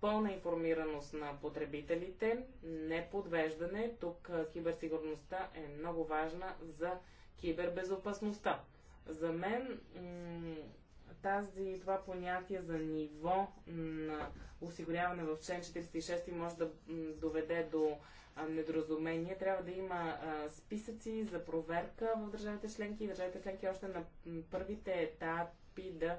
пълна информираност на потребителите, не подвеждане. Тук киберсигурността е много важна за кибербезопасността. За мен тази, това понятие за ниво на осигуряване в член 46 може да доведе до недоразумение. Трябва да има списъци за проверка в държавите членки и държавите членки още на първите етапи да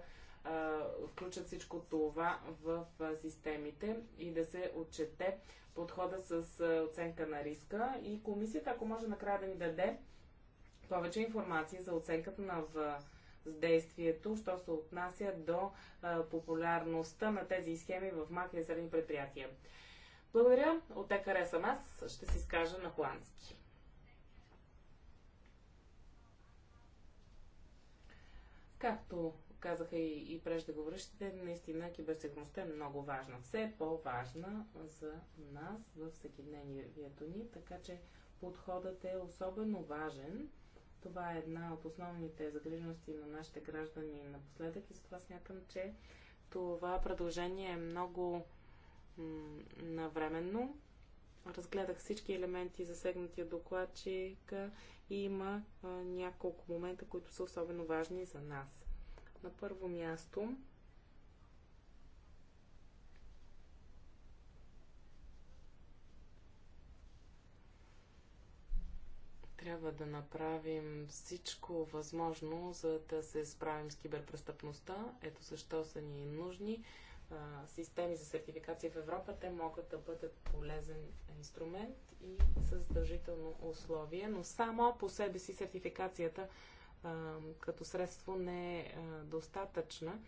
включат всичко това в системите и да се отчете подхода с оценка на риска. И комисията, ако може накрая да ни даде повече информация за оценката на въздействието, що се отнася до популярността на тези схеми в малки и средни предприятия. Благодаря. От ЕКР съм аз. Ще си скажа на холандски. Както казаха и, и преждеговорящите, наистина киберсигурността е много важна. Все е по-важна за нас в всекидневието ни, така че подходът е особено важен. Това е една от основните загрижености на нашите граждани напоследък и затова смятам, че това предложение е много навременно. Разгледах всички елементи засегнати от докладчика и има а, няколко момента, които са особено важни за нас. На първо място трябва да направим всичко възможно, за да се справим с киберпрестъпността. Ето защо са ни нужни системи за сертификация в Европа. Те могат да бъдат полезен инструмент и със задължително условие, но само по себе си сертификацията като средство не е достатъчна.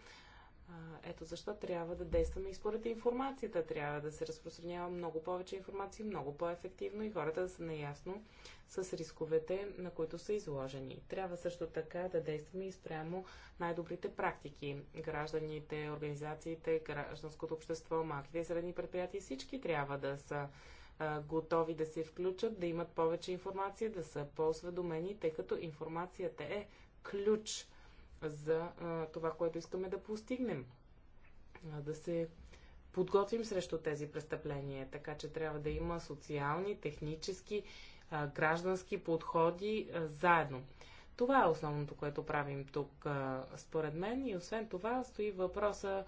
Ето защо трябва да действаме и според информацията. Трябва да се разпространява много повече информация, много по-ефективно и хората да са наясно с рисковете, на които са изложени. Трябва също така да действаме и спрямо най-добрите практики. Гражданите, организациите, гражданското общество, малките и средни предприятия, всички трябва да са а, готови да се включат, да имат повече информация, да са по-осведомени, тъй като информацията е ключ за а, това, което искаме да постигнем. А, да се подготвим срещу тези престъпления, така че трябва да има социални, технически, а, граждански подходи а, заедно. Това е основното, което правим тук, а, според мен. И освен това стои въпроса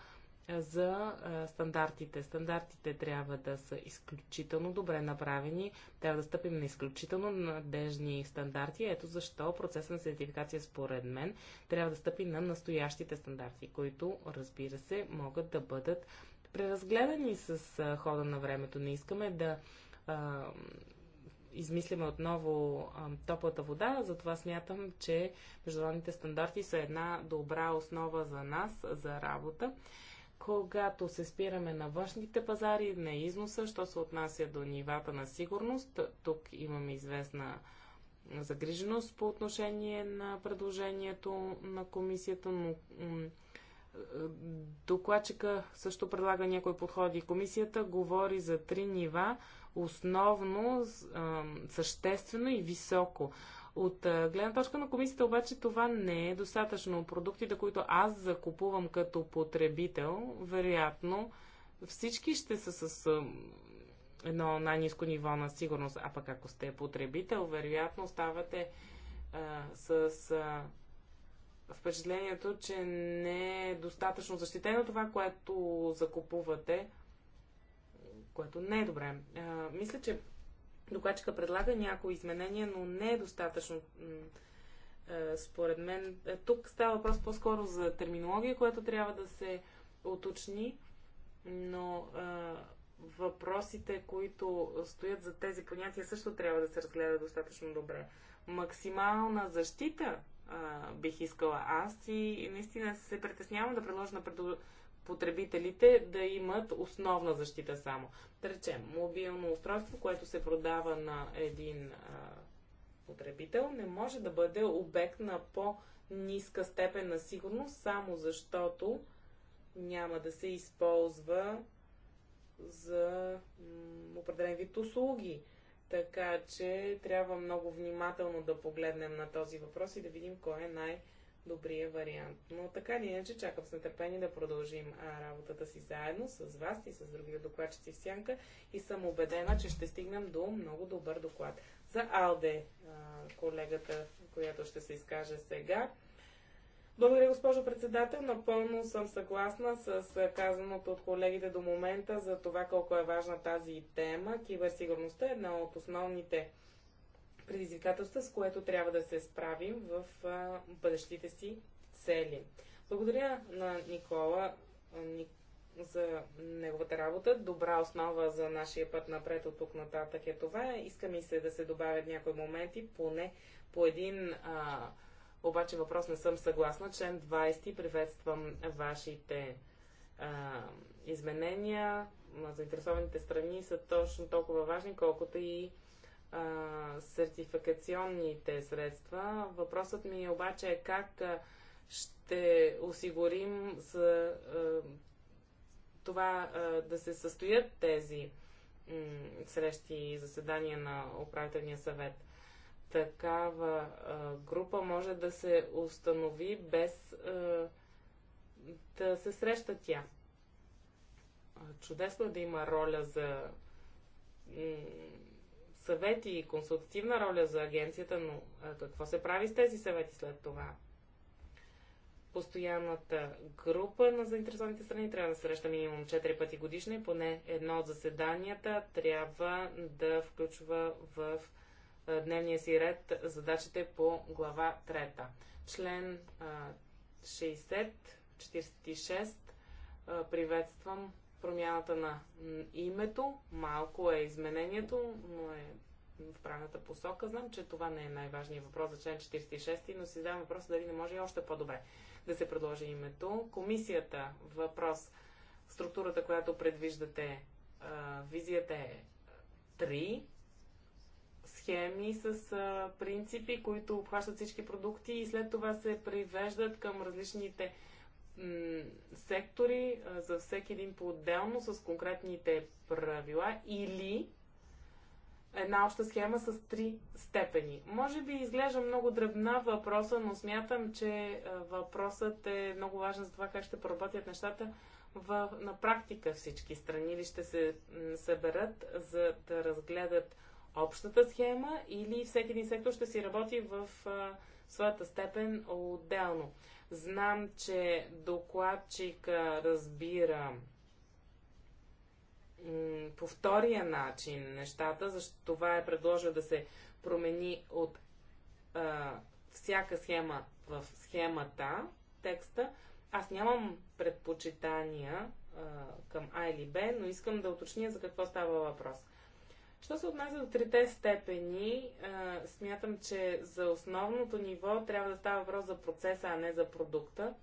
за стандартите. Стандартите трябва да са изключително добре направени, трябва да стъпим на изключително надежни стандарти. Ето защо процесът на сертификация според мен трябва да стъпи на настоящите стандарти, които, разбира се, могат да бъдат преразгледани с хода на времето. Не искаме да а, измисляме отново а, топлата вода, затова смятам, че международните стандарти са една добра основа за нас, за работа когато се спираме на външните пазари, на износа, що се отнася до нивата на сигурност, тук имаме известна загриженост по отношение на предложението на комисията, но докладчика също предлага някои подходи. Комисията говори за три нива, основно, съществено и високо. От гледна точка на комисията обаче това не е достатъчно. Продуктите, които аз закупувам като потребител, вероятно всички ще са с едно най-низко ниво на сигурност. А пък ако сте потребител, вероятно оставате а, с а, впечатлението, че не е достатъчно защитено това, което закупувате, което не е добре. А, мисля, че Докладчика предлага някои изменения, но не е достатъчно е, според мен. Е, тук става въпрос по-скоро за терминология, която трябва да се уточни, но е, въпросите, които стоят за тези понятия, също трябва да се разгледат достатъчно добре. Максимална защита а, бих искала аз и наистина се притеснявам да предложа на потребителите да имат основна защита само. Да речем, мобилно устройство, което се продава на един а, потребител, не може да бъде обект на по-ниска степен на сигурност, само защото няма да се използва за определен вид услуги. Така че трябва много внимателно да погледнем на този въпрос и да видим кой е най- добрия вариант. Но така или иначе, чакам с нетърпение да продължим а, работата си заедно с вас и с другите докладчици в Сянка и съм убедена, че ще стигнем до много добър доклад. За Алде, а, колегата, която ще се изкаже сега. Благодаря, госпожо председател. Напълно съм съгласна с казаното от колегите до момента за това колко е важна тази тема. Киберсигурността е една от основните предизвикателства, с което трябва да се справим в бъдещите си цели. Благодаря на Никола за неговата работа. Добра основа за нашия път напред от тук нататък е това. Иска ми се да се добавят някои моменти, поне по един а, обаче въпрос не съм съгласна. Член 20 приветствам вашите а, изменения. Заинтересованите страни са точно толкова важни, колкото и сертификационните средства. Въпросът ми е обаче е как ще осигурим за а, това а, да се състоят тези срещи и заседания на управителния съвет. Такава а, група може да се установи без а, да се среща тя. Чудесно е да има роля за съвети и консултативна роля за агенцията, но какво се прави с тези съвети след това? Постоянната група на заинтересованите страни трябва да среща минимум 4 пъти годишно и поне едно от заседанията трябва да включва в дневния си ред задачите по глава 3. Член 60-46 приветствам промяната на името. Малко е изменението, но е в правилната посока. Знам, че това не е най-важният въпрос за член 46, но си задавам въпроса дали не може и още по-добре да се предложи името. Комисията, въпрос, структурата, която предвиждате, визията е 3 схеми с принципи, които обхващат всички продукти и след това се привеждат към различните сектори, за всеки един по-отделно, с конкретните правила или една обща схема с три степени. Може би изглежда много дръбна въпроса, но смятам, че въпросът е много важен за това как ще поработят нещата в, на практика всички страни или ще се съберат за да разгледат общата схема или всеки един сектор ще си работи в а, своята степен отделно. Знам, че докладчика разбира по втория начин нещата, защото това е предложил да се промени от а, всяка схема в схемата, текста. Аз нямам предпочитания а, към А или Б, но искам да уточня за какво става въпрос. Що се отнася до трите степени, а, смятам, че за основното ниво трябва да става въпрос за процеса, а не за продукта.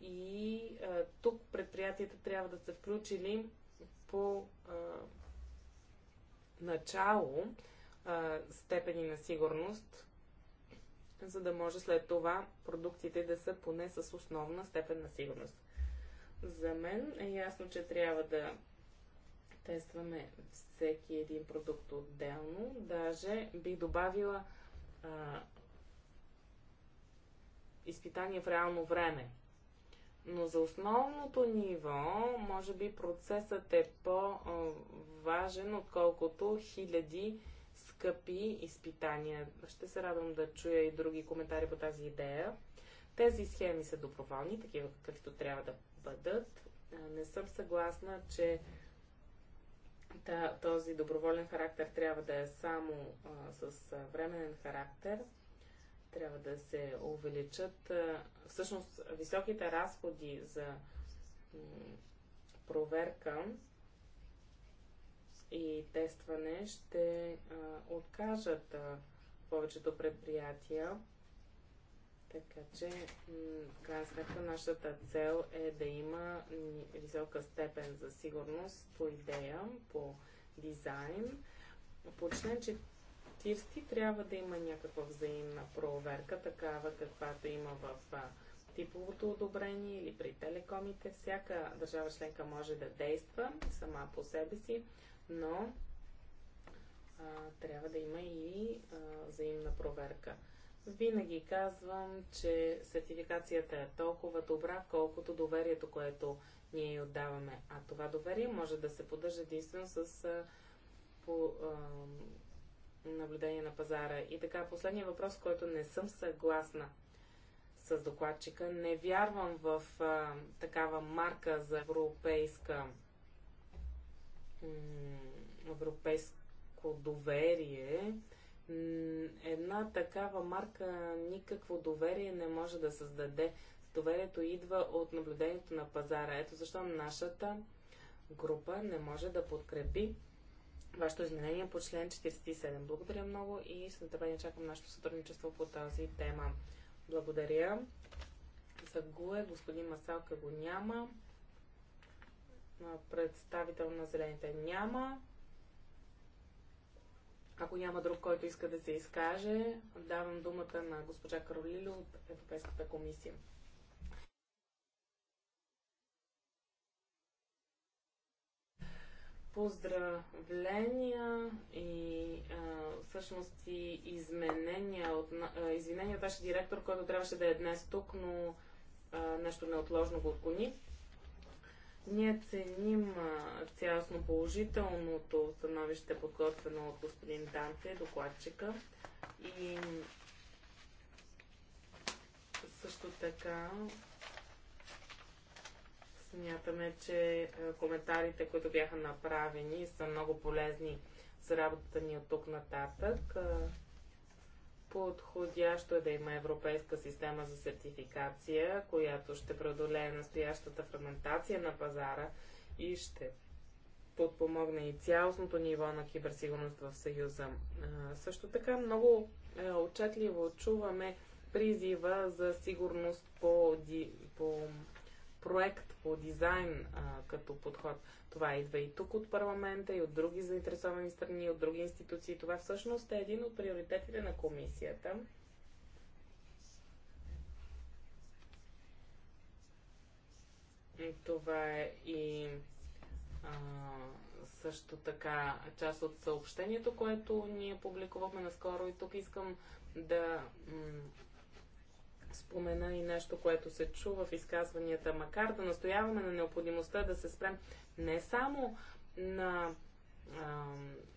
И а, тук предприятията трябва да са включили по а, начало а, степени на сигурност, за да може след това продуктите да са поне с основна степен на сигурност. За мен е ясно, че трябва да тестваме всеки един продукт отделно. Даже би добавила а, изпитание в реално време. Но за основното ниво, може би процесът е по-важен, отколкото хиляди скъпи изпитания. Ще се радвам да чуя и други коментари по тази идея. Тези схеми са доброволни, такива каквито трябва да бъдат. Не съм съгласна, че да, този доброволен характер трябва да е само а, с временен характер, трябва да се увеличат. А, всъщност, високите разходи за проверка и тестване ще а, откажат а, повечето предприятия така че, в крайна сметка, нашата цел е да има висока степен за сигурност по идея, по дизайн. По член 40 трябва да има някаква взаимна проверка, такава каквато има в типовото одобрение или при телекомите. Всяка държава членка може да действа сама по себе си, но а, трябва да има и а, взаимна проверка. Винаги казвам, че сертификацията е толкова добра, колкото доверието, което ние й отдаваме. А това доверие може да се поддържа единствено с а, по, а, наблюдение на пазара. И така, последният въпрос, който не съм съгласна с докладчика. Не вярвам в а, такава марка за европейска европейско доверие една такава марка никакво доверие не може да създаде. Доверието идва от наблюдението на пазара. Ето защо нашата група не може да подкрепи вашето изменение по член 47. Благодаря много и с нетърпение чакам нашето сътрудничество по тази тема. Благодаря. За Гуе, господин Масалка го няма. Представител на зелените няма. Ако няма друг, който иска да се изкаже, давам думата на госпожа Каролилю от Европейската комисия. поздравления и а, всъщност и изменения от, а, извинения от вашия директор, който трябваше да е днес тук, но а, нещо неотложно го отклони. Ние ценим цялостно положителното становище, подготвено от господин Данте, докладчика. И също така смятаме, че коментарите, които бяха направени, са много полезни за работата ни от тук нататък. Подходящо е да има европейска система за сертификация, която ще преодолее настоящата фрагментация на пазара и ще подпомогне и цялостното ниво на киберсигурност в Съюза. също така много е, отчетливо чуваме призива за сигурност по, по проект по дизайн а, като подход. Това идва и тук от парламента, и от други заинтересовани страни, и от други институции. Това всъщност е един от приоритетите на комисията. Това е и а, също така част от съобщението, което ние публикувахме наскоро и тук искам да спомена и нещо, което се чу в изказванията, макар да настояваме на необходимостта да се спрем не само на а,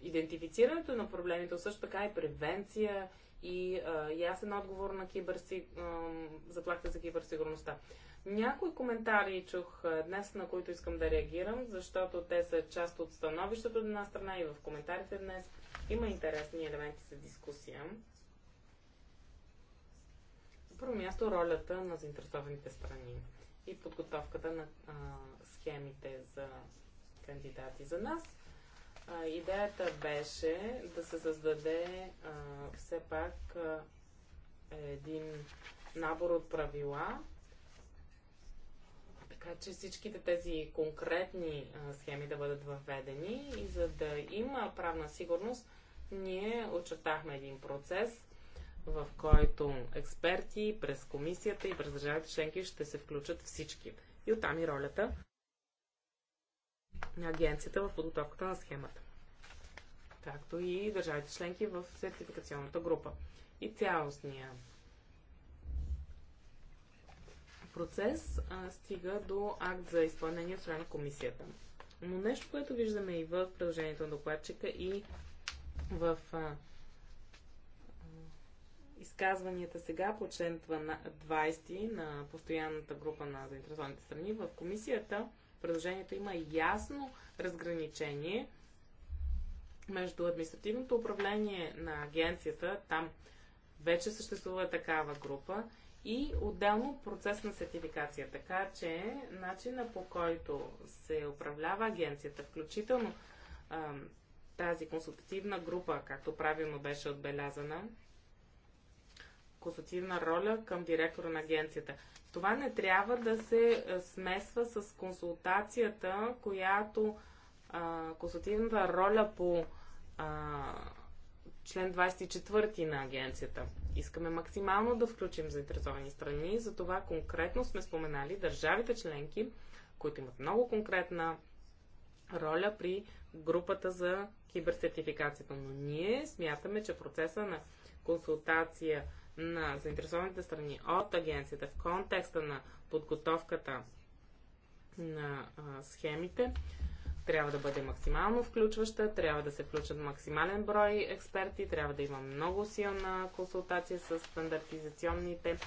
идентифицирането на проблемите, но също така и превенция и а, ясен отговор на киберси, а, заплахта за киберсигурността. Някои коментари чух днес, на които искам да реагирам, защото те са част от становището от една страна и в коментарите днес има интересни елементи за дискусия първо място ролята на заинтересованите страни и подготовката на а, схемите за кандидати за нас. А, идеята беше да се създаде а, все пак а, един набор от правила, така че всичките тези конкретни а, схеми да бъдат въведени и за да има правна сигурност, ние очертахме един процес – в който експерти през комисията и през държавите членки ще се включат всички. И оттам и ролята на агенцията в подготовката на схемата. Както и държавите членки в сертификационната група. И цялостния процес а, стига до акт за изпълнение от страна на комисията. Но нещо, което виждаме и в предложението на докладчика, и в а, изказванията сега по член 20 на постоянната група на заинтересованите страни. В комисията предложението има ясно разграничение между административното управление на агенцията, там вече съществува такава група, и отделно процес на сертификация. Така че начина по който се управлява агенцията, включително тази консултативна група, както правилно беше отбелязана, консултативна роля към директора на агенцията. Това не трябва да се смесва с консултацията, която а, консултативната роля по а, член 24 на агенцията. Искаме максимално да включим заинтересовани страни, затова конкретно сме споменали държавите членки, които имат много конкретна роля при групата за киберсертификацията. Но ние смятаме, че процеса на консултация на заинтересованите страни от агенцията в контекста на подготовката на а, схемите трябва да бъде максимално включваща, трябва да се включат максимален брой експерти, трябва да има много силна консултация с стандартизационните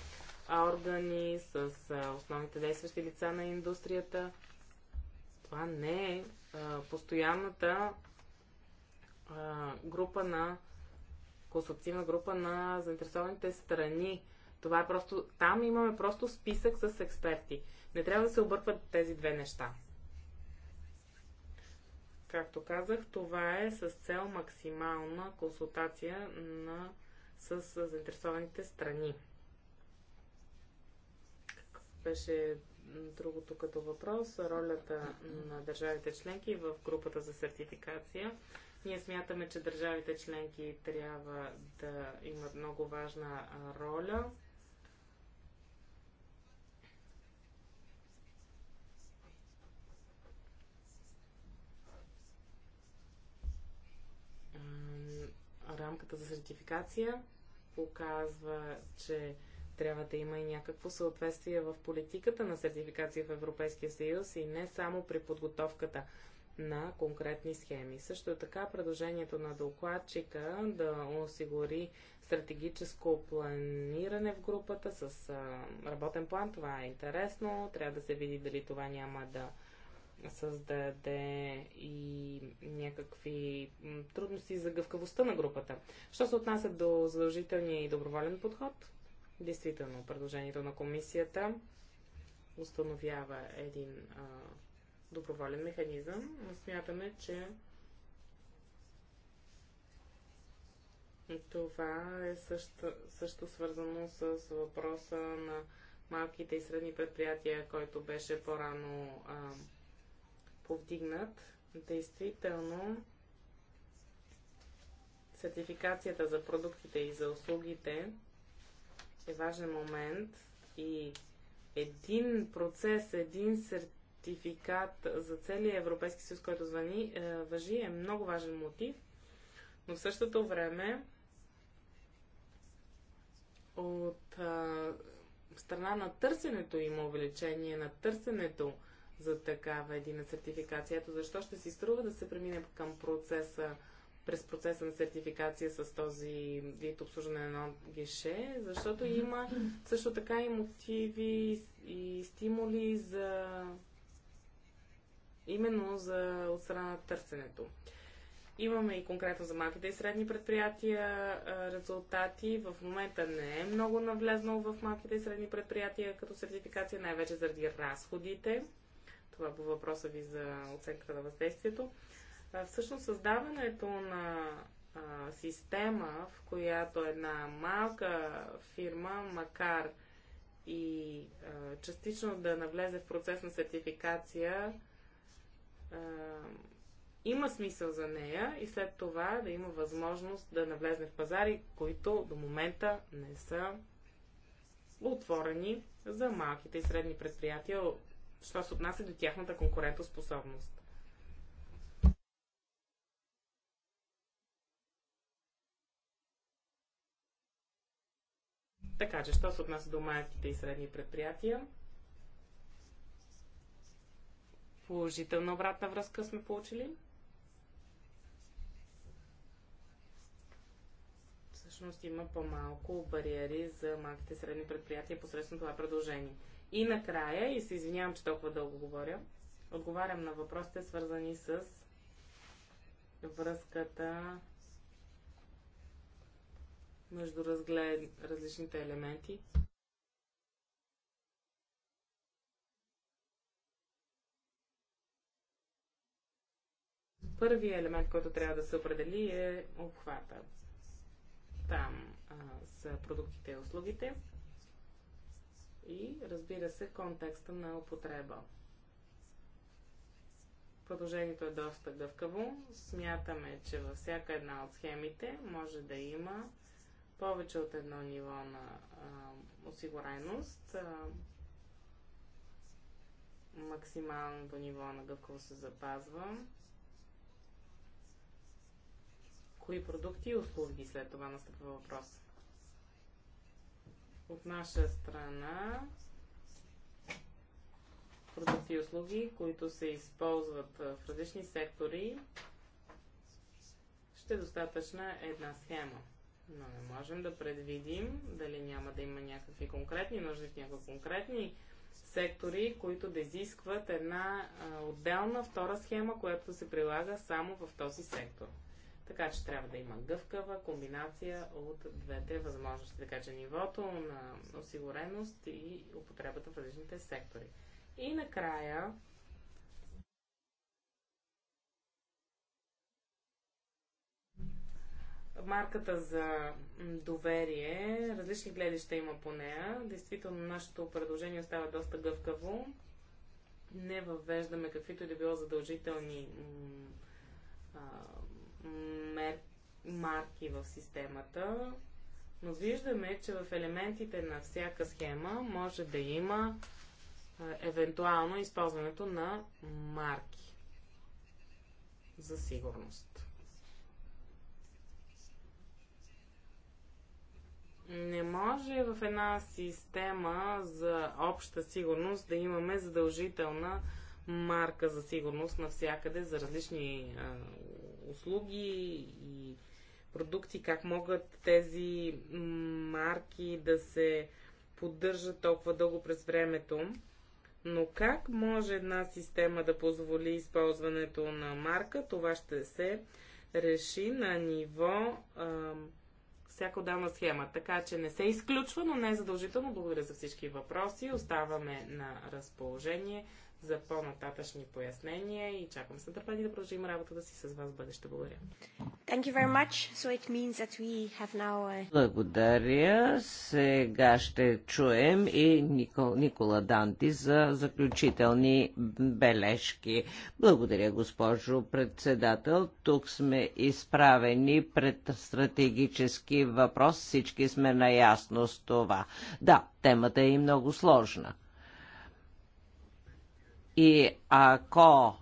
органи, с а, основните действащи лица на индустрията. Това не е а, постоянната група на консултативна група на заинтересованите страни. Това е просто, там имаме просто списък с експерти. Не трябва да се объркват тези две неща. Както казах, това е с цел максимална консултация на, с заинтересованите страни. Беше другото като въпрос, ролята на държавите членки в групата за сертификация. Ние смятаме, че държавите членки трябва да имат много важна роля. Рамката за сертификация показва, че трябва да има и някакво съответствие в политиката на сертификация в Европейския съюз и не само при подготовката на конкретни схеми. Също така предложението на докладчика да осигури стратегическо планиране в групата с а, работен план, това е интересно. Трябва да се види дали това няма да създаде и някакви трудности за гъвкавостта на групата. Що се отнася до задължителния и доброволен подход, действително предложението на комисията установява един а, доброволен механизъм, но смятаме, че това е също, също свързано с въпроса на малките и средни предприятия, който беше по-рано повдигнат. Действително, сертификацията за продуктите и за услугите е важен момент и един процес, един сертификат, сертификат за целия Европейски съюз, който звъни, е, въжи, е много важен мотив, но в същото време от а, страна на търсенето има увеличение, на търсенето за такава едина сертификация. Ето защо ще си струва да се премине към процеса, през процеса на сертификация с този вид обслужване на геше, защото има също така и мотиви и стимули за именно за от страна на търсенето. Имаме и конкретно за малките и средни предприятия резултати. В момента не е много навлезнало в малките и средни предприятия като сертификация, най-вече заради разходите. Това по въпроса ви за оценката на въздействието. Всъщност създаването на система, в която една малка фирма, макар и частично да навлезе в процес на сертификация, има смисъл за нея и след това да има възможност да навлезне в пазари, които до момента не са отворени за малките и средни предприятия, що се отнася до тяхната конкурентоспособност. Така че, що се отнася до малките и средни предприятия, Положителна обратна връзка сме получили. Всъщност има по-малко бариери за малките и средни предприятия посредством това предложение. И накрая, и се извинявам, че толкова дълго говоря, отговарям на въпросите, свързани с връзката между разглед... различните елементи. първият елемент, който трябва да се определи е обхвата. Там а, са продуктите и услугите и разбира се контекста на употреба. Продължението е доста гъвкаво. Смятаме, че във всяка една от схемите може да има повече от едно ниво на а, осигуреност. А, максималното ниво на гъвкаво се запазва кои продукти и услуги след това настъпва въпрос. От наша страна продукти и услуги, които се използват в различни сектори, ще е достатъчна една схема. Но не можем да предвидим дали няма да има някакви конкретни нужди в някои конкретни сектори, които да изискват една а, отделна втора схема, която се прилага само в този сектор. Така че трябва да има гъвкава комбинация от двете възможности, така че нивото на осигуреност и употребата в различните сектори. И накрая марката за доверие, различни гледища има по нея. Действително, нашето предложение остава доста гъвкаво. Не въвеждаме каквито и да било задължителни мер... марки в системата, но виждаме, че в елементите на всяка схема може да има е, евентуално използването на марки за сигурност. Не може в една система за обща сигурност да имаме задължителна марка за сигурност навсякъде за различни услуги и продукти, как могат тези марки да се поддържат толкова дълго през времето. Но как може една система да позволи използването на марка, това ще се реши на ниво а, всяко дана схема. Така че не се изключва, но не е задължително. Благодаря за всички въпроси. Оставаме на разположение за по-нататъчни пояснения и чакам с нетърпение да продължим работата си с вас в бъдеще. Благодаря. Thank you very much. So it means that we have now... Uh, Благодаря. Сега ще чуем и Никол, Никола Данти за заключителни бележки. Благодаря, госпожо председател. Тук сме изправени пред стратегически въпрос. Всички сме наясно с това. Да, темата е и много сложна и ако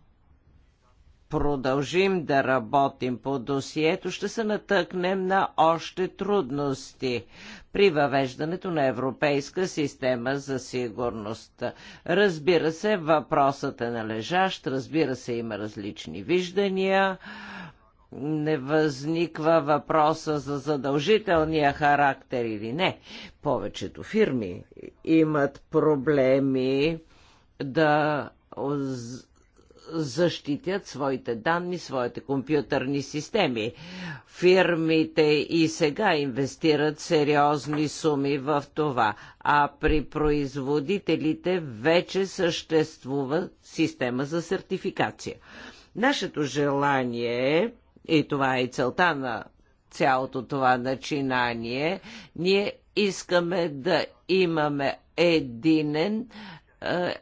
продължим да работим по досието, ще се натъкнем на още трудности при въвеждането на Европейска система за сигурност. Разбира се, въпросът е належащ, разбира се, има различни виждания. Не възниква въпроса за задължителния характер или не. Повечето фирми имат проблеми да защитят своите данни, своите компютърни системи. Фирмите и сега инвестират сериозни суми в това, а при производителите вече съществува система за сертификация. Нашето желание е, и това е и целта на цялото това начинание, ние искаме да имаме единен е,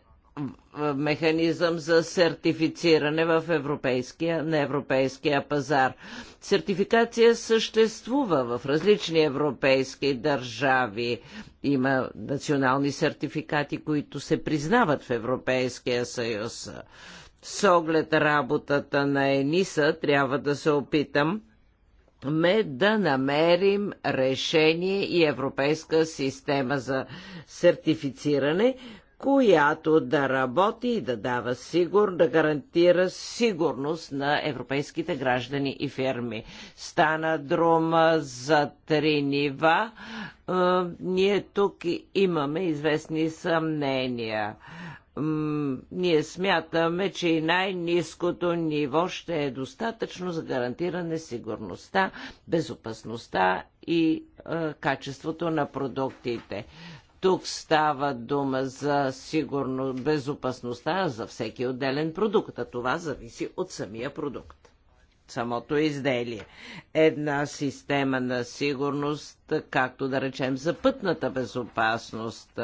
механизъм за сертифициране в европейския, на европейския пазар. Сертификация съществува в различни европейски държави. Има национални сертификати, които се признават в Европейския съюз. С оглед работата на ЕНИСА трябва да се опитам ме да намерим решение и европейска система за сертифициране, която да работи и да дава сигур, да гарантира сигурност на европейските граждани и фирми. Стана друма за три нива. Е, ние тук имаме известни съмнения ние смятаме, че и най-низкото ниво ще е достатъчно за гарантиране сигурността, безопасността и е, качеството на продуктите. Тук става дума за сигурно безопасността за всеки отделен продукт, а това зависи от самия продукт самото изделие. Една система на сигурност, както да речем за пътната безопасност,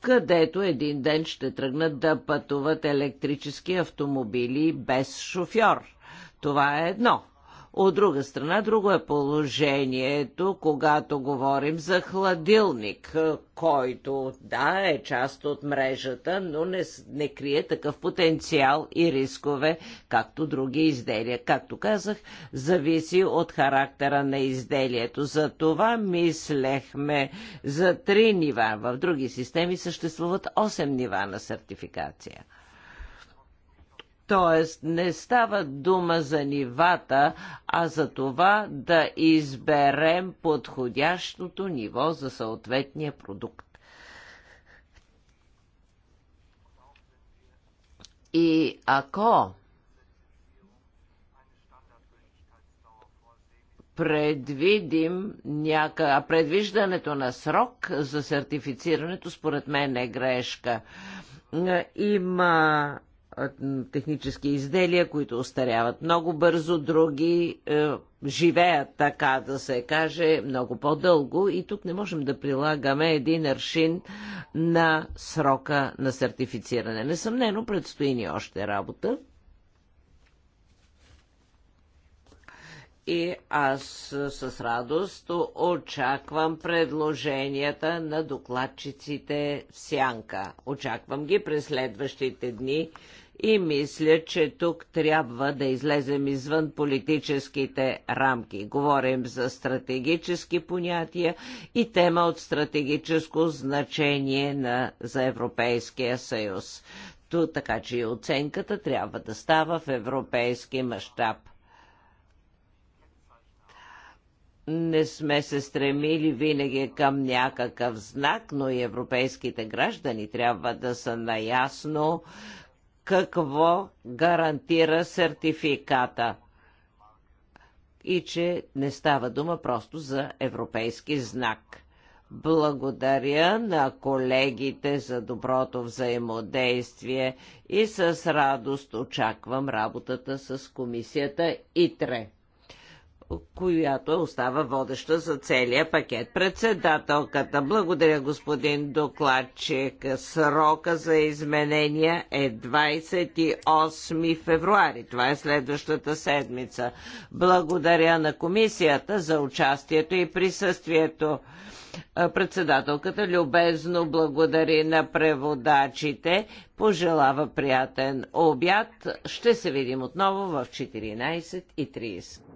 където един ден ще тръгнат да пътуват електрически автомобили без шофьор. Това е едно. От друга страна, друго е положението, когато говорим за хладилник, който, да, е част от мрежата, но не, не крие такъв потенциал и рискове, както други изделия. Както казах, зависи от характера на изделието. За това мислехме за три нива. В други системи съществуват 8 нива на сертификация. Тоест не става дума за нивата, а за това да изберем подходящото ниво за съответния продукт. И ако предвидим няка... А предвиждането на срок за сертифицирането според мен е грешка. Има технически изделия, които остаряват много бързо, други е, живеят, така да се каже, много по-дълго и тук не можем да прилагаме един аршин на срока на сертифициране. Несъмнено, предстои ни още работа. и аз с радост очаквам предложенията на докладчиците в Сянка. Очаквам ги през следващите дни и мисля, че тук трябва да излезем извън политическите рамки. Говорим за стратегически понятия и тема от стратегическо значение на, за Европейския съюз. Ту, така че и оценката трябва да става в европейски мащаб. не сме се стремили винаги към някакъв знак, но и европейските граждани трябва да са наясно какво гарантира сертификата и че не става дума просто за европейски знак. Благодаря на колегите за доброто взаимодействие и с радост очаквам работата с комисията ИТРЕ която остава водеща за целия пакет. Председателката, благодаря господин докладчик. Срока за изменения е 28 февруари. Това е следващата седмица. Благодаря на комисията за участието и присъствието. Председателката любезно благодари на преводачите, пожелава приятен обяд. Ще се видим отново в 14.30.